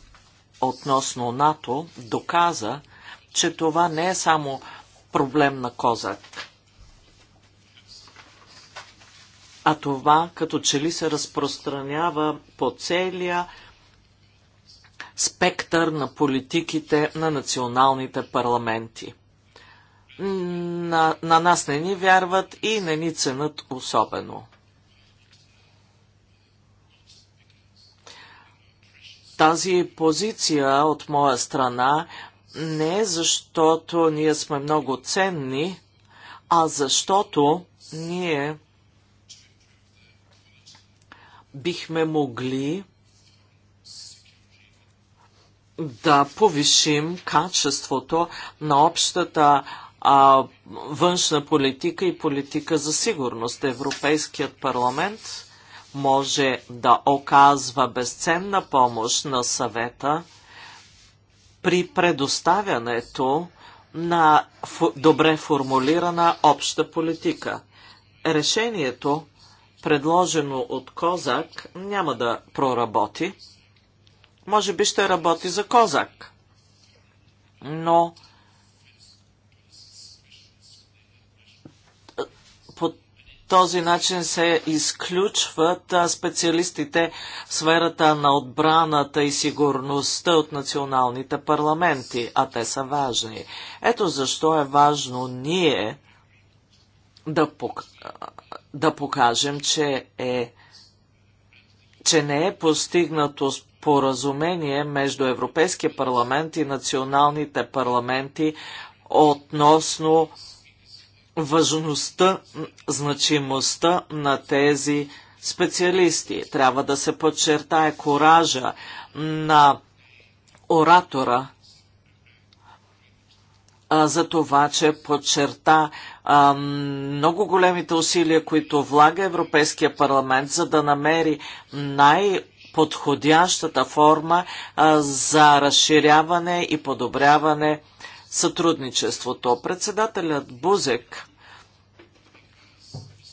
относно НАТО доказа, че това не е само проблем на Козак. а това като че ли се разпространява по целия спектър на политиките на националните парламенти. На, на нас не ни вярват и не ни ценят особено. Тази позиция от моя страна не е защото ние сме много ценни, а защото ние бихме могли да повишим качеството на общата а, външна политика и политика за сигурност. Европейският парламент може да оказва безценна помощ на съвета при предоставянето на добре формулирана обща политика. Решението предложено от Козак, няма да проработи. Може би ще работи за Козак. Но по този начин се изключват специалистите в сферата на отбраната и сигурността от националните парламенти, а те са важни. Ето защо е важно ние да да покажем, че, е, че не е постигнато споразумение между Европейския парламент и националните парламенти относно важността, значимостта на тези специалисти. Трябва да се подчертае коража на оратора за това, че подчерта а, много големите усилия, които влага Европейския парламент, за да намери най- подходящата форма а, за разширяване и подобряване сътрудничеството. Председателят Бузек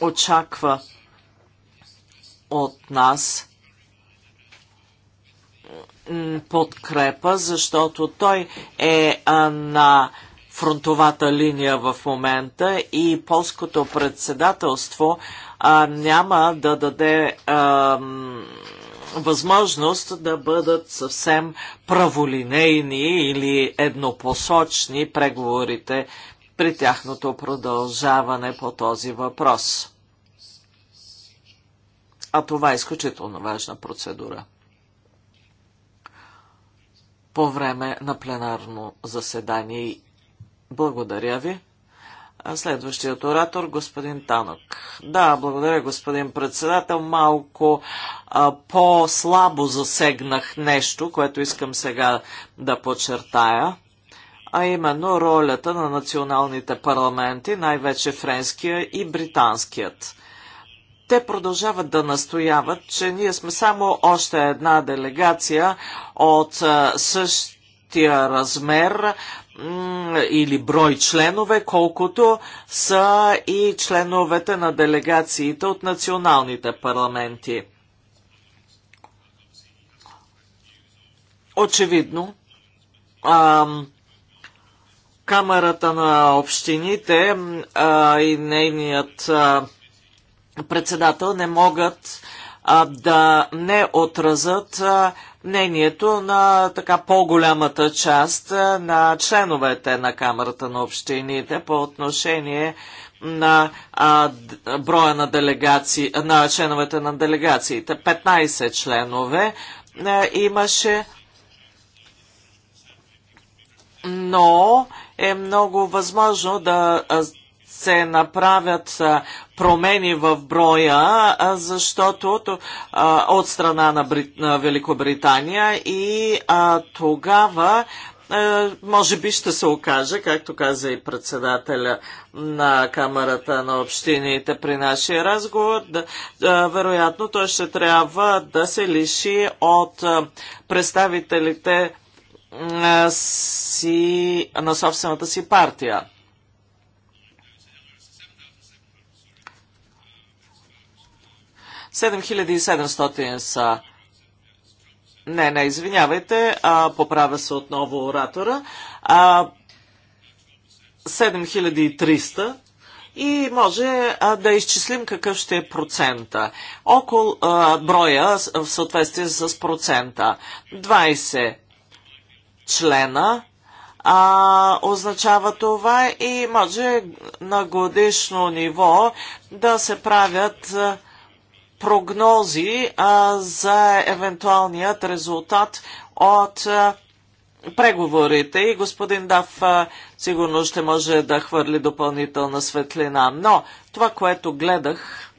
очаква от нас подкрепа, защото той е а, на фронтовата линия в момента и полското председателство а, няма да даде а, възможност да бъдат съвсем праволинейни или еднопосочни преговорите при тяхното продължаване по този въпрос. А това е изключително важна процедура по време на пленарно заседание благодаря ви. Следващият оратор, господин Танок. Да, благодаря, господин председател. Малко по-слабо засегнах нещо, което искам сега да подчертая, а именно ролята на националните парламенти, най-вече френския и британският. Те продължават да настояват, че ние сме само още една делегация от същия размер или брой членове, колкото са и членовете на делегациите от националните парламенти. Очевидно, Камерата на общините а, и нейният а, председател не могат а, да не отразат. а, мнението на така по-голямата част на членовете на Камерата на общините по отношение на а, броя на, делегации, на членовете на делегациите. 15 членове а, имаше, но е много възможно да се направят промени в броя, защото от страна на, Великобритания и тогава може би ще се окаже, както каза и председателя на Камерата на общините при нашия разговор, да, вероятно той ще трябва да се лиши от представителите си, на собствената си партия. 7700 са. Не, не, извинявайте, а, поправя се отново оратора. А, 7300 и може а, да изчислим какъв ще е процента. Около а, броя в съответствие с процента. 20 члена а, означава това и може на годишно ниво да се правят а, прогнози а, за евентуалният резултат от а, преговорите и господин Дав а, сигурно ще може да хвърли допълнителна светлина. Но това, което гледах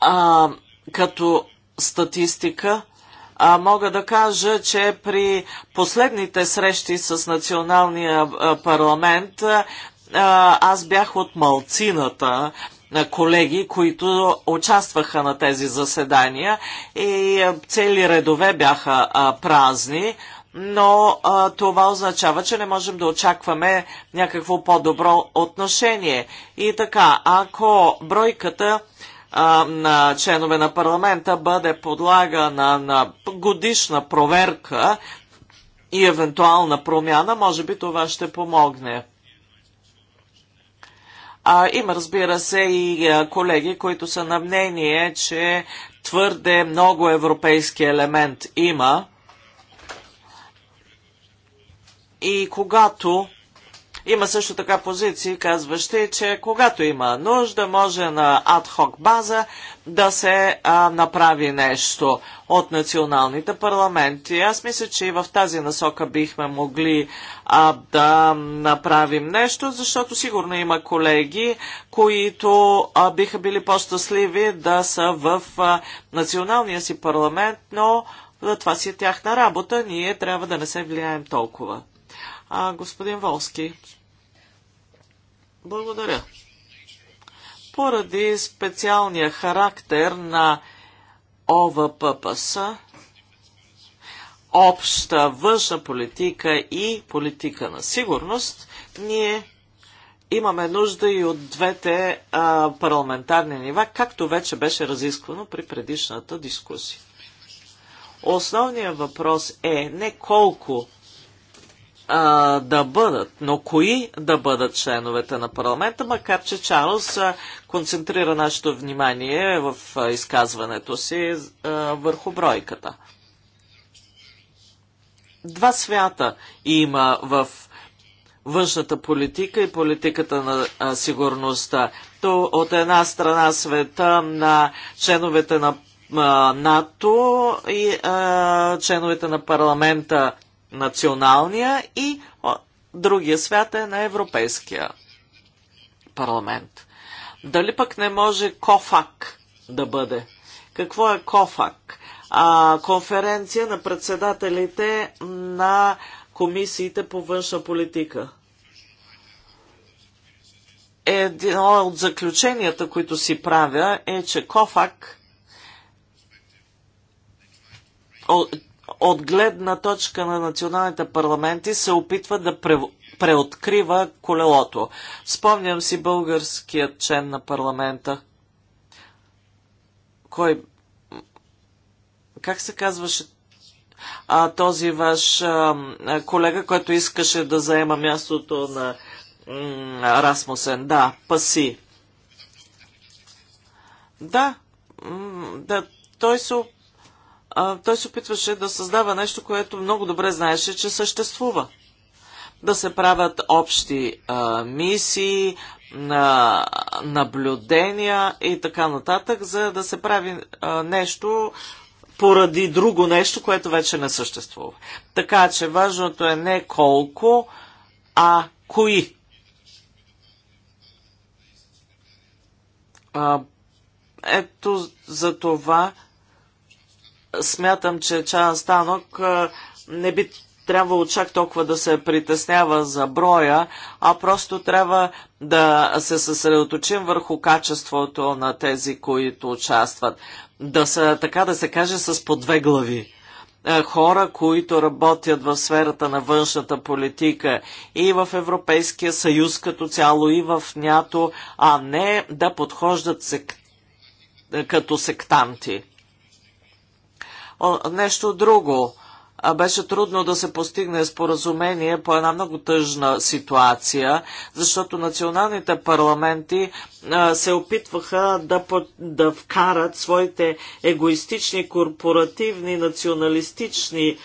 а, като статистика, а, мога да кажа, че при последните срещи с националния парламент аз бях от малцината, колеги, които участваха на тези заседания и е, цели редове бяха празни, но това означава, че не можем да очакваме някакво по-добро отношение. И така, ако бройката на членове на парламента бъде подлагана на годишна проверка и евентуална промяна, може би това ще помогне. А, има, разбира се, и колеги, които са на мнение, че твърде много европейски елемент има. И когато има също така позиции, казващи, че когато има нужда, може на адхок база да се а, направи нещо от националните парламенти. Аз мисля, че и в тази насока бихме могли а, да направим нещо, защото сигурно има колеги, които а, биха били по-щастливи да са в а, националния си парламент, но за това си е тяхна работа, ние трябва да не се влияем толкова. А, господин Волски, благодаря. Поради специалния характер на ОВППС, обща външна политика и политика на сигурност, ние имаме нужда и от двете а, парламентарни нива, както вече беше разисквано при предишната дискусия. Основният въпрос е не колко а, да бъдат, но кои да бъдат членовете на парламента, макар че Чарлз а, концентрира нашето внимание в а, изказването си а, върху бройката. Два свята има в външната политика и политиката на а, сигурността. То от една страна света на членовете на а, НАТО и а, членовете на парламента националния и другия свят е на Европейския парламент. Дали пък не може КОФАК да бъде? Какво е КОФАК? А, конференция на председателите на комисиите по външна политика. Едно от заключенията, които си правя, е, че КОФАК от гледна точка на националните парламенти се опитва да преоткрива колелото. Спомням си българският член на парламента. Кой... Как се казваше а, този ваш а, колега, който искаше да заема мястото на м, Расмусен? Да, паси. Да, да, той се а, той се опитваше да създава нещо, което много добре знаеше, че съществува. Да се правят общи а, мисии, на наблюдения и така нататък, за да се прави а, нещо поради друго нещо, което вече не съществува. Така че важното е не колко, а кои. А, ето за това смятам, че Чан Станок не би трябвало чак толкова да се притеснява за броя, а просто трябва да се съсредоточим върху качеството на тези, които участват. Да са, така да се каже, с по две глави хора, които работят в сферата на външната политика и в Европейския съюз като цяло и в НАТО, а не да подхождат сек... като сектанти нещо друго. Беше трудно да се постигне споразумение по една много тъжна ситуация, защото националните парламенти се опитваха да, да вкарат своите егоистични, корпоративни, националистични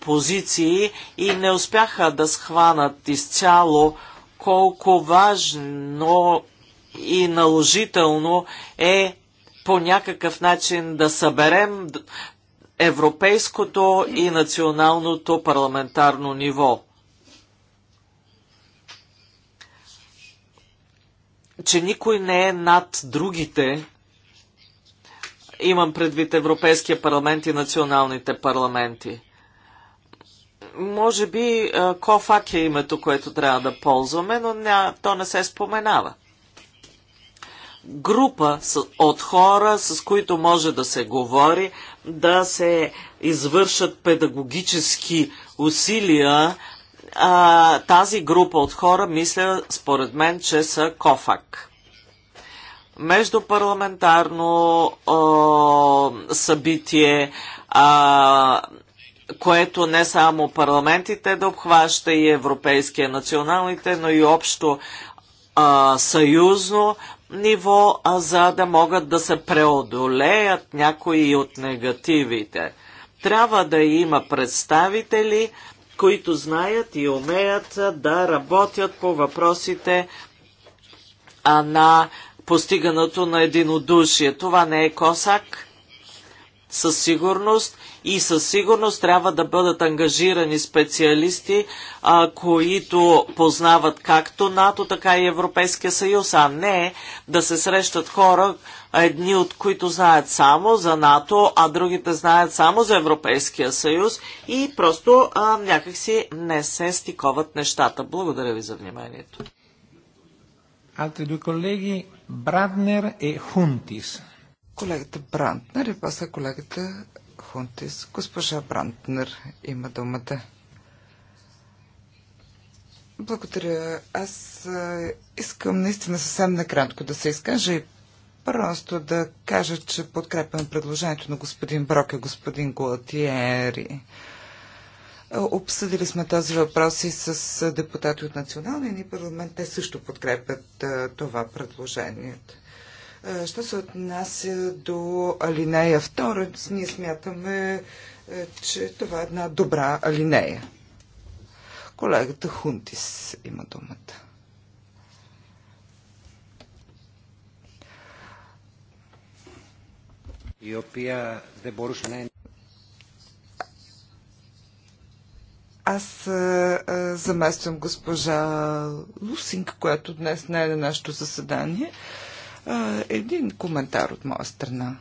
позиции и не успяха да схванат изцяло колко важно и наложително е по някакъв начин да съберем европейското и националното парламентарно ниво. Че никой не е над другите, имам предвид Европейския парламент и националните парламенти. Може би Кофак е името, което трябва да ползваме, но не, то не се споменава. Група от хора, с които може да се говори, да се извършат педагогически усилия, а, тази група от хора мисля, според мен, че са КОФАК. Междупарламентарно а, събитие, а, което не само парламентите да обхваща и европейския, националните, но и общо а, съюзно, ниво, а за да могат да се преодолеят някои от негативите. Трябва да има представители, които знаят и умеят да работят по въпросите на постигането на единодушие. Това не е косак, със сигурност, и със сигурност трябва да бъдат ангажирани специалисти, а, които познават както НАТО, така и Европейския съюз, а не да се срещат хора, едни от които знаят само за НАТО, а другите знаят само за Европейския съюз и просто а, някакси не се стиковат нещата. Благодаря ви за вниманието. Altri до колеги Браднер и Хунтис. Колегата Брантнер и после колегата Фунтис. Госпожа Брантнер има думата. Благодаря. Аз искам наистина съвсем накратко да се изкажа и просто да кажа, че подкрепям предложението на господин Брок и господин Гуатиери. Обсъдили сме този въпрос и с депутати от националния ни парламент. Те също подкрепят това предложението. Е, що се отнася до алинея 2, ние смятаме, е, че това е една добра алинея. Колегата Хунтис има думата. η οποία δεν μπορούσε να είναι. Аз а, е, а, замествам госпожа Лусинг, която днес не е на нашето заседание. А, един коментар от моя страна.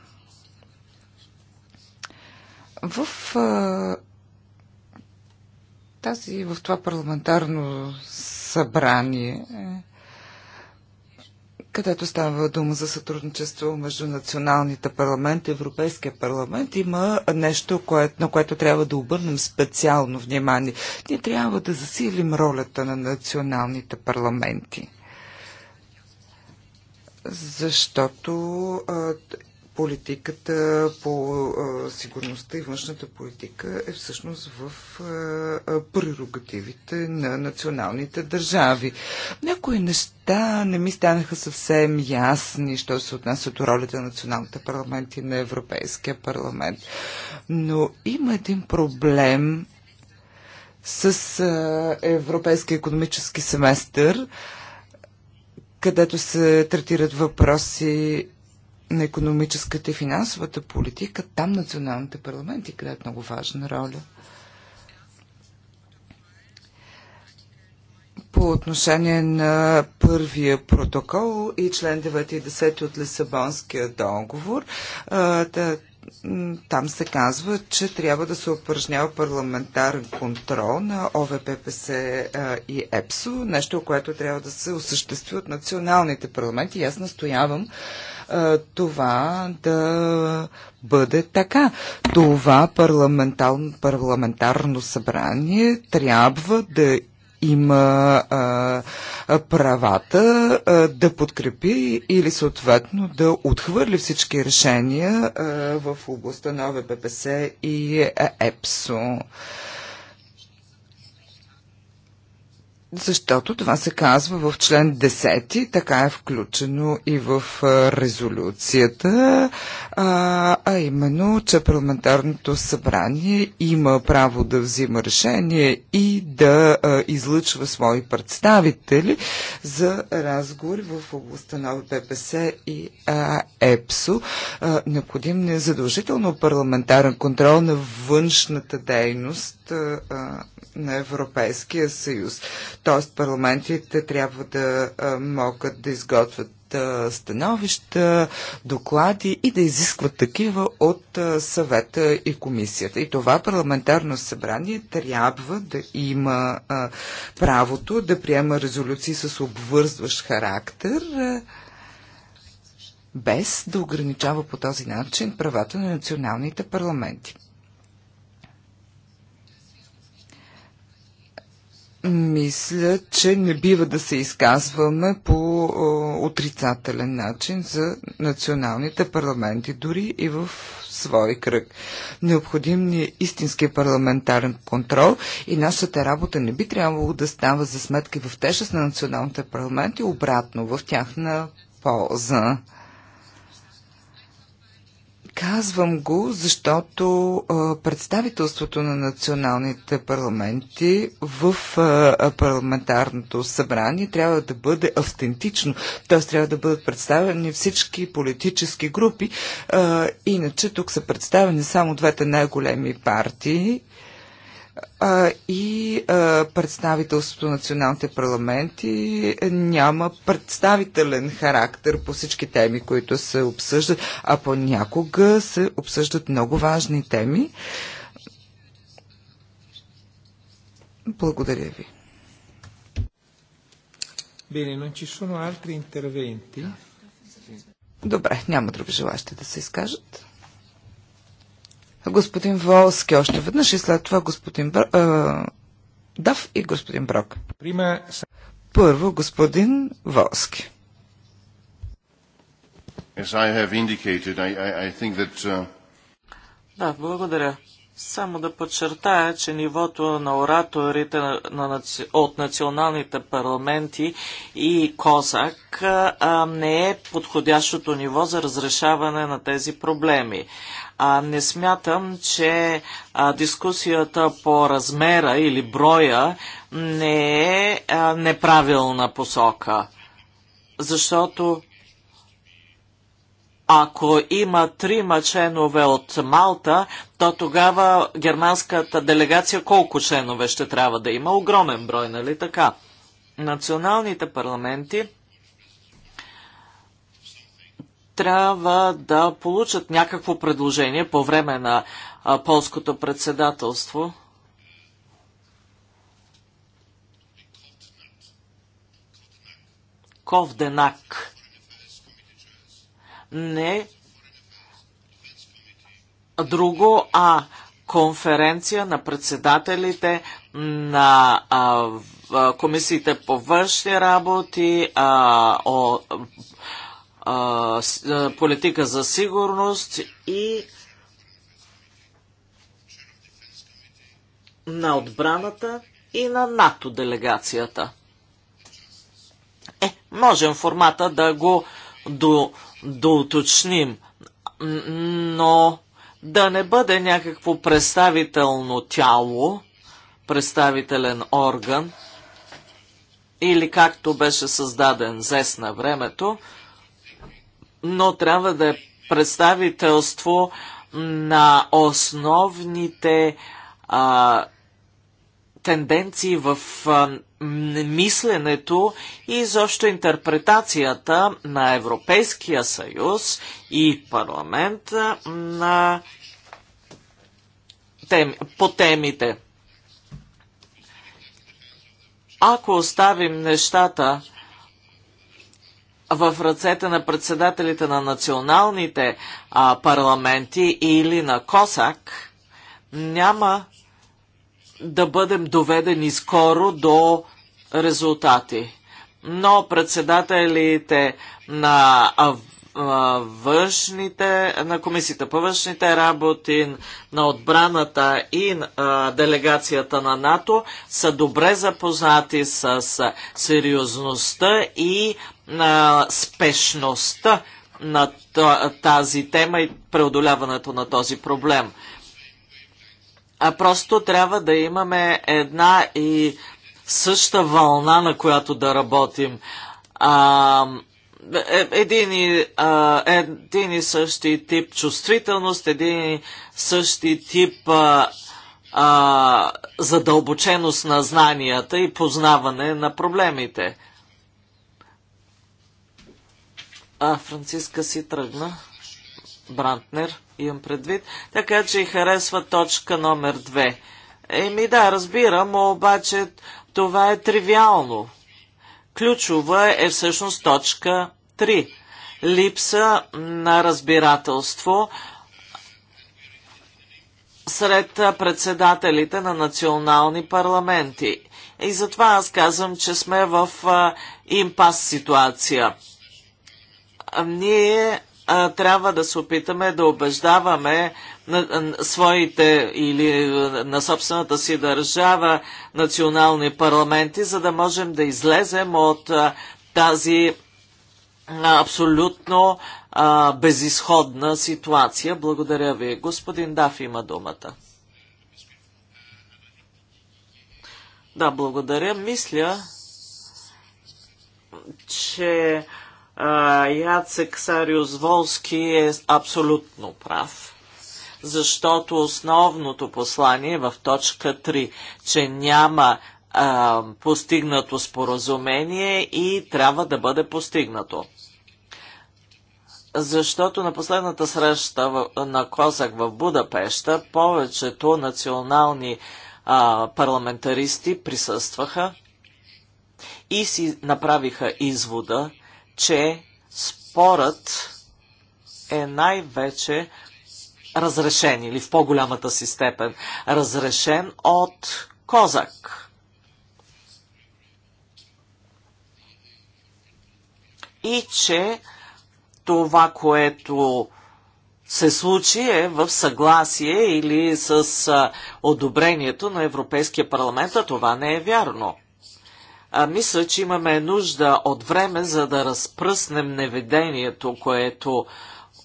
В тази, в това парламентарно събрание, където става дума за сътрудничество между националните парламенти и Европейския парламент, има нещо, което, на което трябва да обърнем специално внимание. Ние трябва да засилим ролята на националните парламенти защото политиката по сигурността и външната политика е всъщност в прерогативите на националните държави. Някои неща не ми станаха съвсем ясни, що се отнася до ролята на националните парламенти на Европейския парламент. Но има един проблем с Европейския економически семестър, където се третират въпроси на економическата и финансовата политика, там националните парламенти играят много важна роля. По отношение на първия протокол и член 9 и 10 от Лисабонския договор, там се казва, че трябва да се упражнява парламентарен контрол на ОВППС и ЕПСО, нещо, което трябва да се осъществи от националните парламенти. И аз настоявам това да бъде така. Това парламентарно събрание трябва да има а, правата а, да подкрепи или съответно да отхвърли всички решения а, в областта на ОВППС и ЕПСО. Защото това се казва в член 10, така е включено и в резолюцията, а, а именно, че парламентарното събрание има право да взима решение и да а, излъчва свои представители за разговори в областта на ОППС и а, ЕПСО. А, необходим е задължително парламентарен контрол на външната дейност а, на Европейския съюз. Тоест парламентите трябва да а, могат да изготвят становища, доклади и да изискват такива от съвета и комисията. И това парламентарно събрание трябва да има правото да приема резолюции с обвързващ характер. без да ограничава по този начин правата на националните парламенти. Мисля, че не бива да се изказваме по е, отрицателен начин за националните парламенти, дори и в свой кръг. Необходим ни е истински парламентарен контрол и нашата работа не би трябвало да става за сметки в тежест на националните парламенти, обратно в тяхна полза. Казвам го, защото представителството на националните парламенти в парламентарното събрание трябва да бъде автентично, т.е. трябва да бъдат представени всички политически групи, иначе тук са представени само двете най-големи партии и представителството на националните парламенти няма представителен характер по всички теми, които се обсъждат, а понякога се обсъждат много важни теми. Благодаря ви. Bene, non ci sono altri interventi. Добре, няма други желащи да се изкажат господин Волски още веднъж и след това господин Бр... а, Дав и господин Брок. Приме... Първо господин Волски. Yes, I have indicated, I, I, I think that, uh... Да, благодаря. Само да подчертая, че нивото на ораторите на, на, от националните парламенти и Козак а, не е подходящото ниво за разрешаване на тези проблеми. А, не смятам, че а, дискусията по размера или броя не е а, неправилна посока, защото ако има трима членове от Малта, то тогава германската делегация колко членове ще трябва да има? Огромен брой, нали така? Националните парламенти трябва да получат някакво предложение по време на а, полското председателство. Ковденак не друго, а конференция на председателите на комисиите по външни работи, а, о, а, политика за сигурност и на отбраната и на НАТО делегацията. Е, можем формата да го до, да уточним, но да не бъде някакво представително тяло, представителен орган, или както беше създаден ЗЕС на времето, но трябва да е представителство на основните а, тенденции в мисленето и изобщо интерпретацията на Европейския съюз и парламент на тем, по темите. Ако оставим нещата в ръцете на председателите на националните а, парламенти или на КОСАК, няма да бъдем доведени скоро до резултати. Но председателите на външните, на комисията по външните работи, на отбраната и делегацията на НАТО са добре запознати с сериозността и на спешността на тази тема и преодоляването на този проблем а просто трябва да имаме една и съща вълна, на която да работим. А, е, един, и, а, един и същи тип чувствителност, един и същи тип а, а, задълбоченост на знанията и познаване на проблемите. А, Франциска си тръгна. Брантнер, имам предвид, така че и харесва точка номер 2. Еми да, разбирам, обаче това е тривиално. Ключова е всъщност точка 3. Липса на разбирателство сред председателите на национални парламенти. И затова аз казвам, че сме в импас ситуация. Ние а, трябва да се опитаме да убеждаваме на, на, своите или е, на собствената си държава национални парламенти, за да можем да излезем от а, тази а, абсолютно а, безисходна ситуация. Благодаря ви. Господин Даф има думата. Да, благодаря. Мисля, че Яцек Сариус Волски е абсолютно прав. Защото основното послание е в точка 3, че няма а, постигнато споразумение и трябва да бъде постигнато. Защото на последната среща на Козак в Будапеща повечето национални а, парламентаристи присъстваха и си направиха извода, че спорът е най-вече разрешен или в по-голямата си степен разрешен от Козак. И че това, което се случи е в съгласие или с одобрението на Европейския парламент, а това не е вярно. А, мисля, че имаме нужда от време, за да разпръснем неведението, което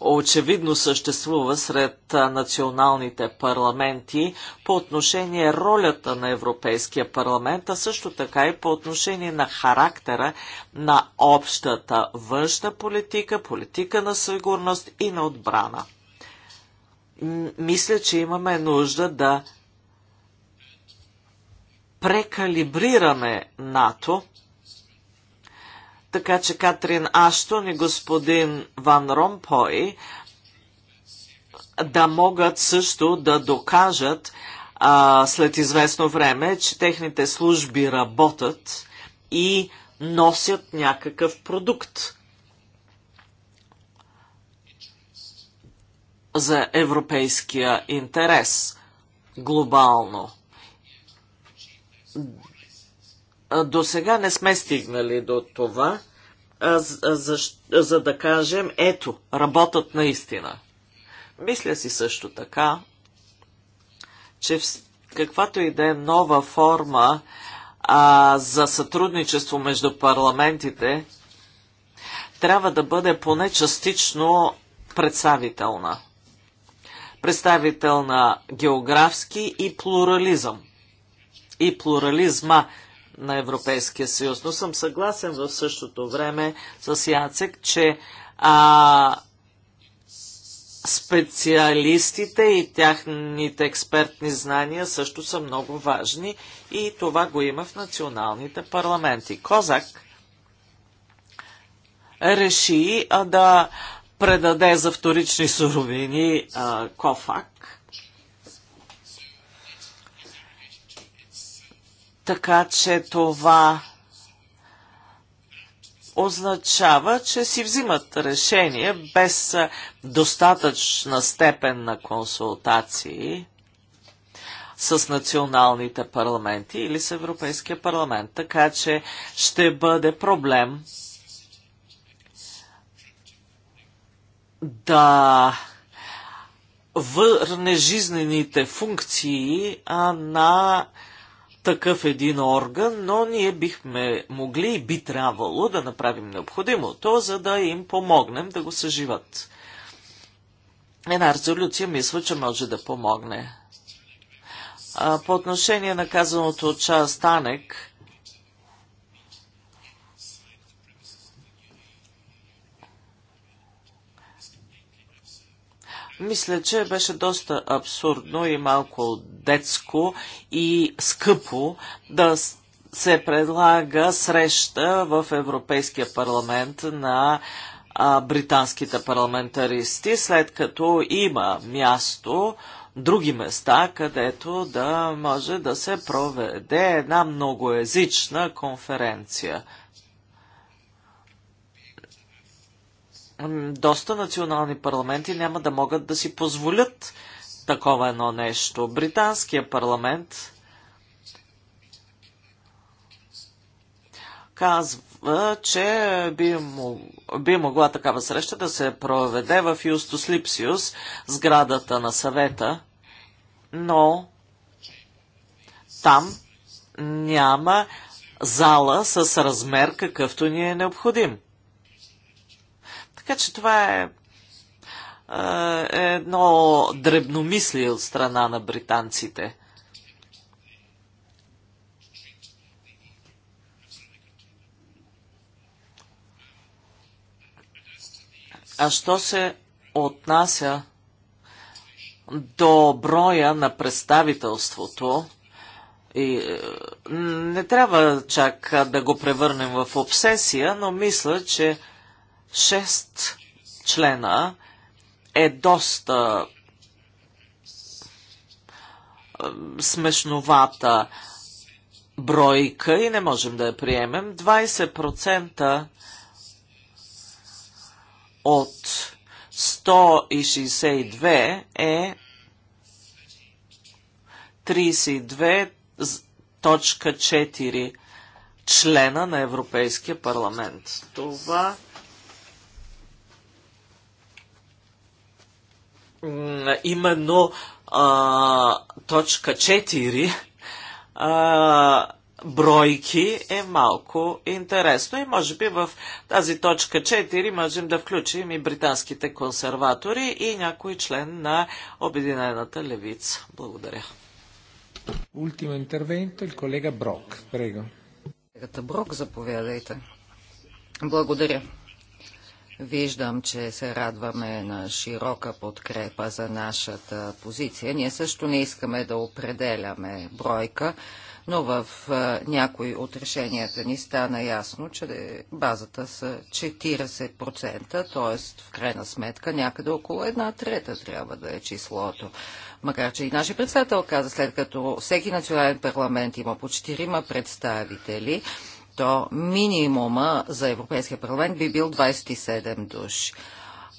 очевидно съществува сред националните парламенти по отношение ролята на Европейския парламент, а също така и по отношение на характера на общата външна политика, политика на сигурност и на отбрана. Мисля, че имаме нужда да прекалибрираме НАТО, така че Катрин Аштон и господин Ван Ромпой да могат също да докажат а, след известно време, че техните служби работят и носят някакъв продукт за европейския интерес глобално. До сега не сме стигнали до това, за, за да кажем, ето, работят наистина. Мисля си също така, че в каквато и да е нова форма а, за сътрудничество между парламентите, трябва да бъде поне частично представителна. Представителна географски и плурализъм и плурализма на Европейския съюз. Но съм съгласен в същото време с Яцек, че а, специалистите и тяхните експертни знания също са много важни и това го има в националните парламенти. Козак реши а, да предаде за вторични суровини а, Кофак Така че това означава, че си взимат решение без достатъчна степен на консултации с националните парламенти или с Европейския парламент. Така че ще бъде проблем да върне жизнените функции на такъв един орган, но ние бихме могли и би трябвало да направим необходимото, за да им помогнем да го съживат. Една резолюция мисля, че може да помогне. По отношение на казаното от Ча Станек, Мисля, че беше доста абсурдно и малко детско и скъпо да се предлага среща в Европейския парламент на британските парламентаристи, след като има място, други места, където да може да се проведе една многоязична конференция. Ами, доста национални парламенти няма да могат да си позволят такова едно нещо. Британския парламент казва, че би, мог, би могла такава среща да се проведе в Юстус Липсиус, сградата на съвета, но там няма зала с размер какъвто ни е необходим. Така че това е, е едно дребномислие от страна на британците. А що се отнася до броя на представителството, и е, не трябва чак да го превърнем в обсесия, но мисля, че 6 члена е доста смешновата бройка и не можем да я приемем. 20% от 162 е 32.4 члена на Европейския парламент. Това е именно а, точка 4 а, бройки е малко интересно и може би в тази точка 4 можем да включим и британските консерватори и някой член на Обединената левица. Благодаря. Ultimo intervento, il collega Brock, prego. Брок, заповядайте. Благодаря. Виждам, че се радваме на широка подкрепа за нашата позиция. Ние също не искаме да определяме бройка, но в някои от решенията ни стана ясно, че базата са 40%, т.е. в крайна сметка някъде около една трета трябва да е числото. Макар, че и нашия председател каза, след като всеки национален парламент има по 4 представители, то минимума за Европейския парламент би бил 27 души.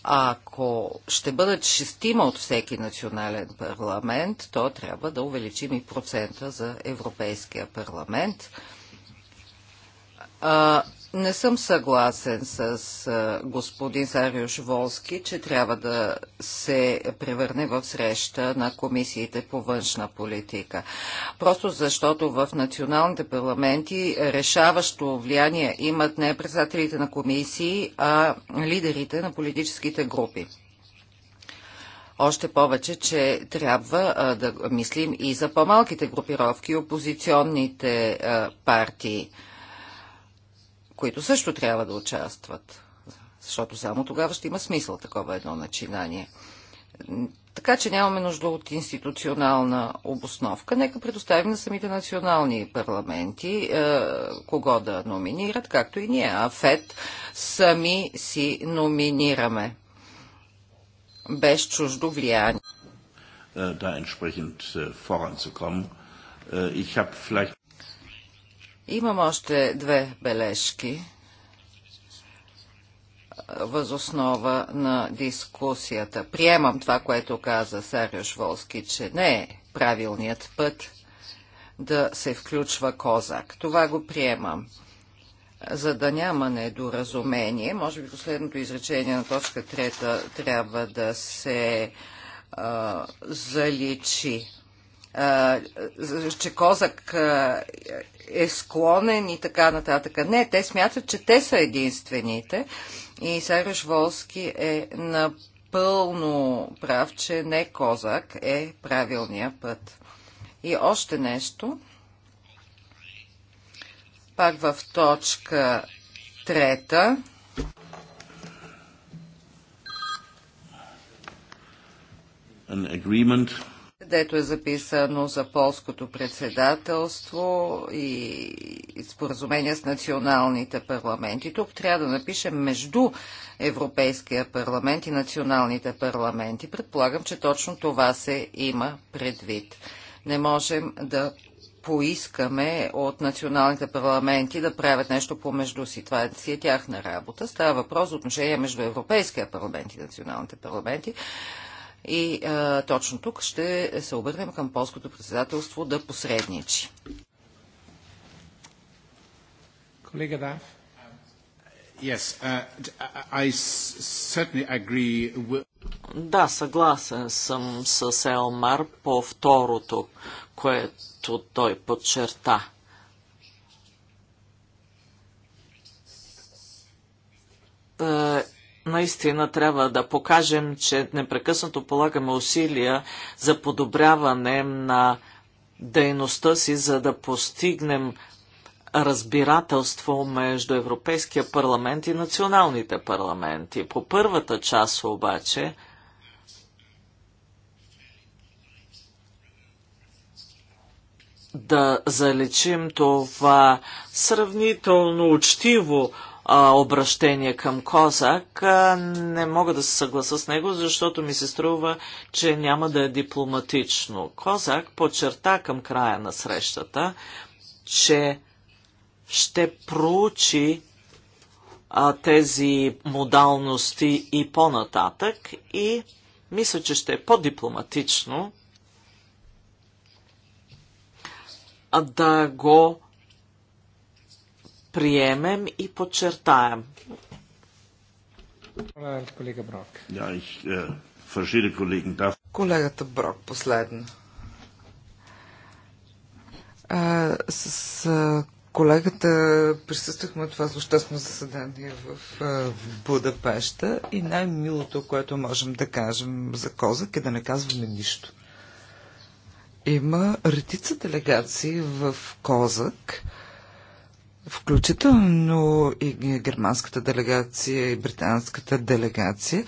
Ако ще бъдат шестима от всеки национален парламент, то трябва да увеличим и процента за Европейския парламент. Не съм съгласен с господин Сариош Волски, че трябва да се превърне в среща на комисиите по външна политика. Просто защото в националните парламенти решаващо влияние имат не председателите на комисии, а лидерите на политическите групи. Още повече, че трябва а, да мислим и за по-малките групировки, опозиционните а, партии които също трябва да участват, защото само тогава ще има смисъл такова едно начинание. Така че нямаме нужда от институционална обосновка. Нека предоставим на самите национални парламенти е, кого да номинират, както и ние. А ФЕД сами си номинираме. Без чуждо влияние. Е, да, entsprechend voranzukommen. Ich habe vielleicht Имам още две бележки възоснова на дискусията. Приемам това, което каза Сариош Волски, че не е правилният път да се включва Козак. Това го приемам. За да няма недоразумение, може би последното изречение на точка трета трябва да се а, заличи че Козак е склонен и така нататък. Не, те смятат, че те са единствените. И Сайрош Волски е напълно прав, че не Козак е правилния път. И още нещо. Пак в точка трета. An agreement където е записано за полското председателство и споразумение с националните парламенти. Тук трябва да напишем между Европейския парламент и националните парламенти. Предполагам, че точно това се има предвид. Не можем да поискаме от националните парламенти да правят нещо помежду си. Това си е тяхна работа. Става въпрос за отношение между Европейския парламент и националните парламенти. И а, е, точно тук ще се обърнем към полското председателство да посредничи. Колега Дав. Uh, yes, uh, I certainly agree with... Да, съгласен съм с Елмар по второто, което той подчерта. Uh, наистина трябва да покажем, че непрекъснато полагаме усилия за подобряване на дейността си, за да постигнем разбирателство между Европейския парламент и националните парламенти. По първата част обаче да залечим това сравнително учтиво а, обращение към Козак, а, не мога да се съгласа с него, защото ми се струва, че няма да е дипломатично. Козак подчерта към края на срещата, че ще проучи а, тези модалности и по-нататък и мисля, че ще е по-дипломатично да го приемем и подчертаем. Колега Брок. Äh, колегата Брок, последно. А, с а, колегата присъствахме от това злощастно заседание в, а, в Будапешта и най-милото, което можем да кажем за Козак е да не казваме нищо. Има редица делегации в Козак, включително и германската делегация и британската делегация,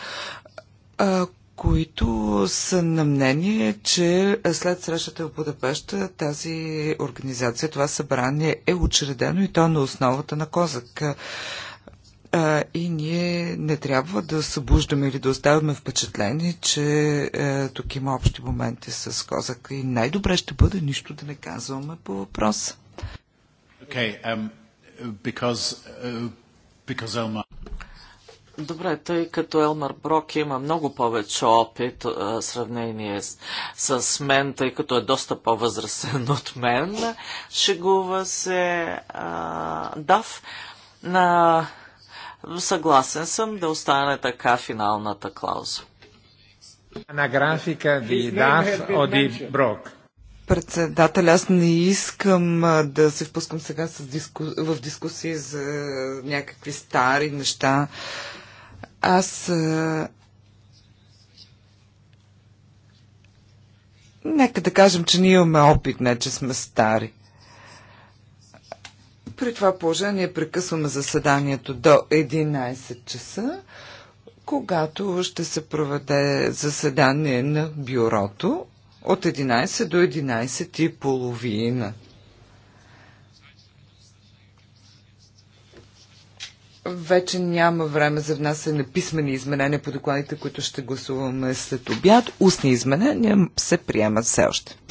които са на мнение, че след срещата в Будапеща тази организация, това събрание е учредено и то на основата на Козак. А, и ние не трябва да събуждаме или да оставяме впечатление, че е, тук има общи моменти с Козак. И най-добре ще бъде нищо да не казваме по въпроса. Okay, um because, uh, because Elmar... Добре, тъй като Елмар Брок има много повече опит в сравнение с, с мен, тъй като е доста по-възрастен от мен, шегува се а, Дав. На... Съгласен съм да остане така финалната клауза. На графика ви Дав от Брок председател, аз не искам да се впускам сега с диску... в дискусии за някакви стари неща. Аз Нека да кажем, че ние имаме опит, не че сме стари. При това положение прекъсваме заседанието до 11 часа, когато ще се проведе заседание на бюрото от 11 до 11 и половина. Вече няма време за внасяне на писмени изменения по докладите, които ще гласуваме след обяд. Устни изменения се приемат все още.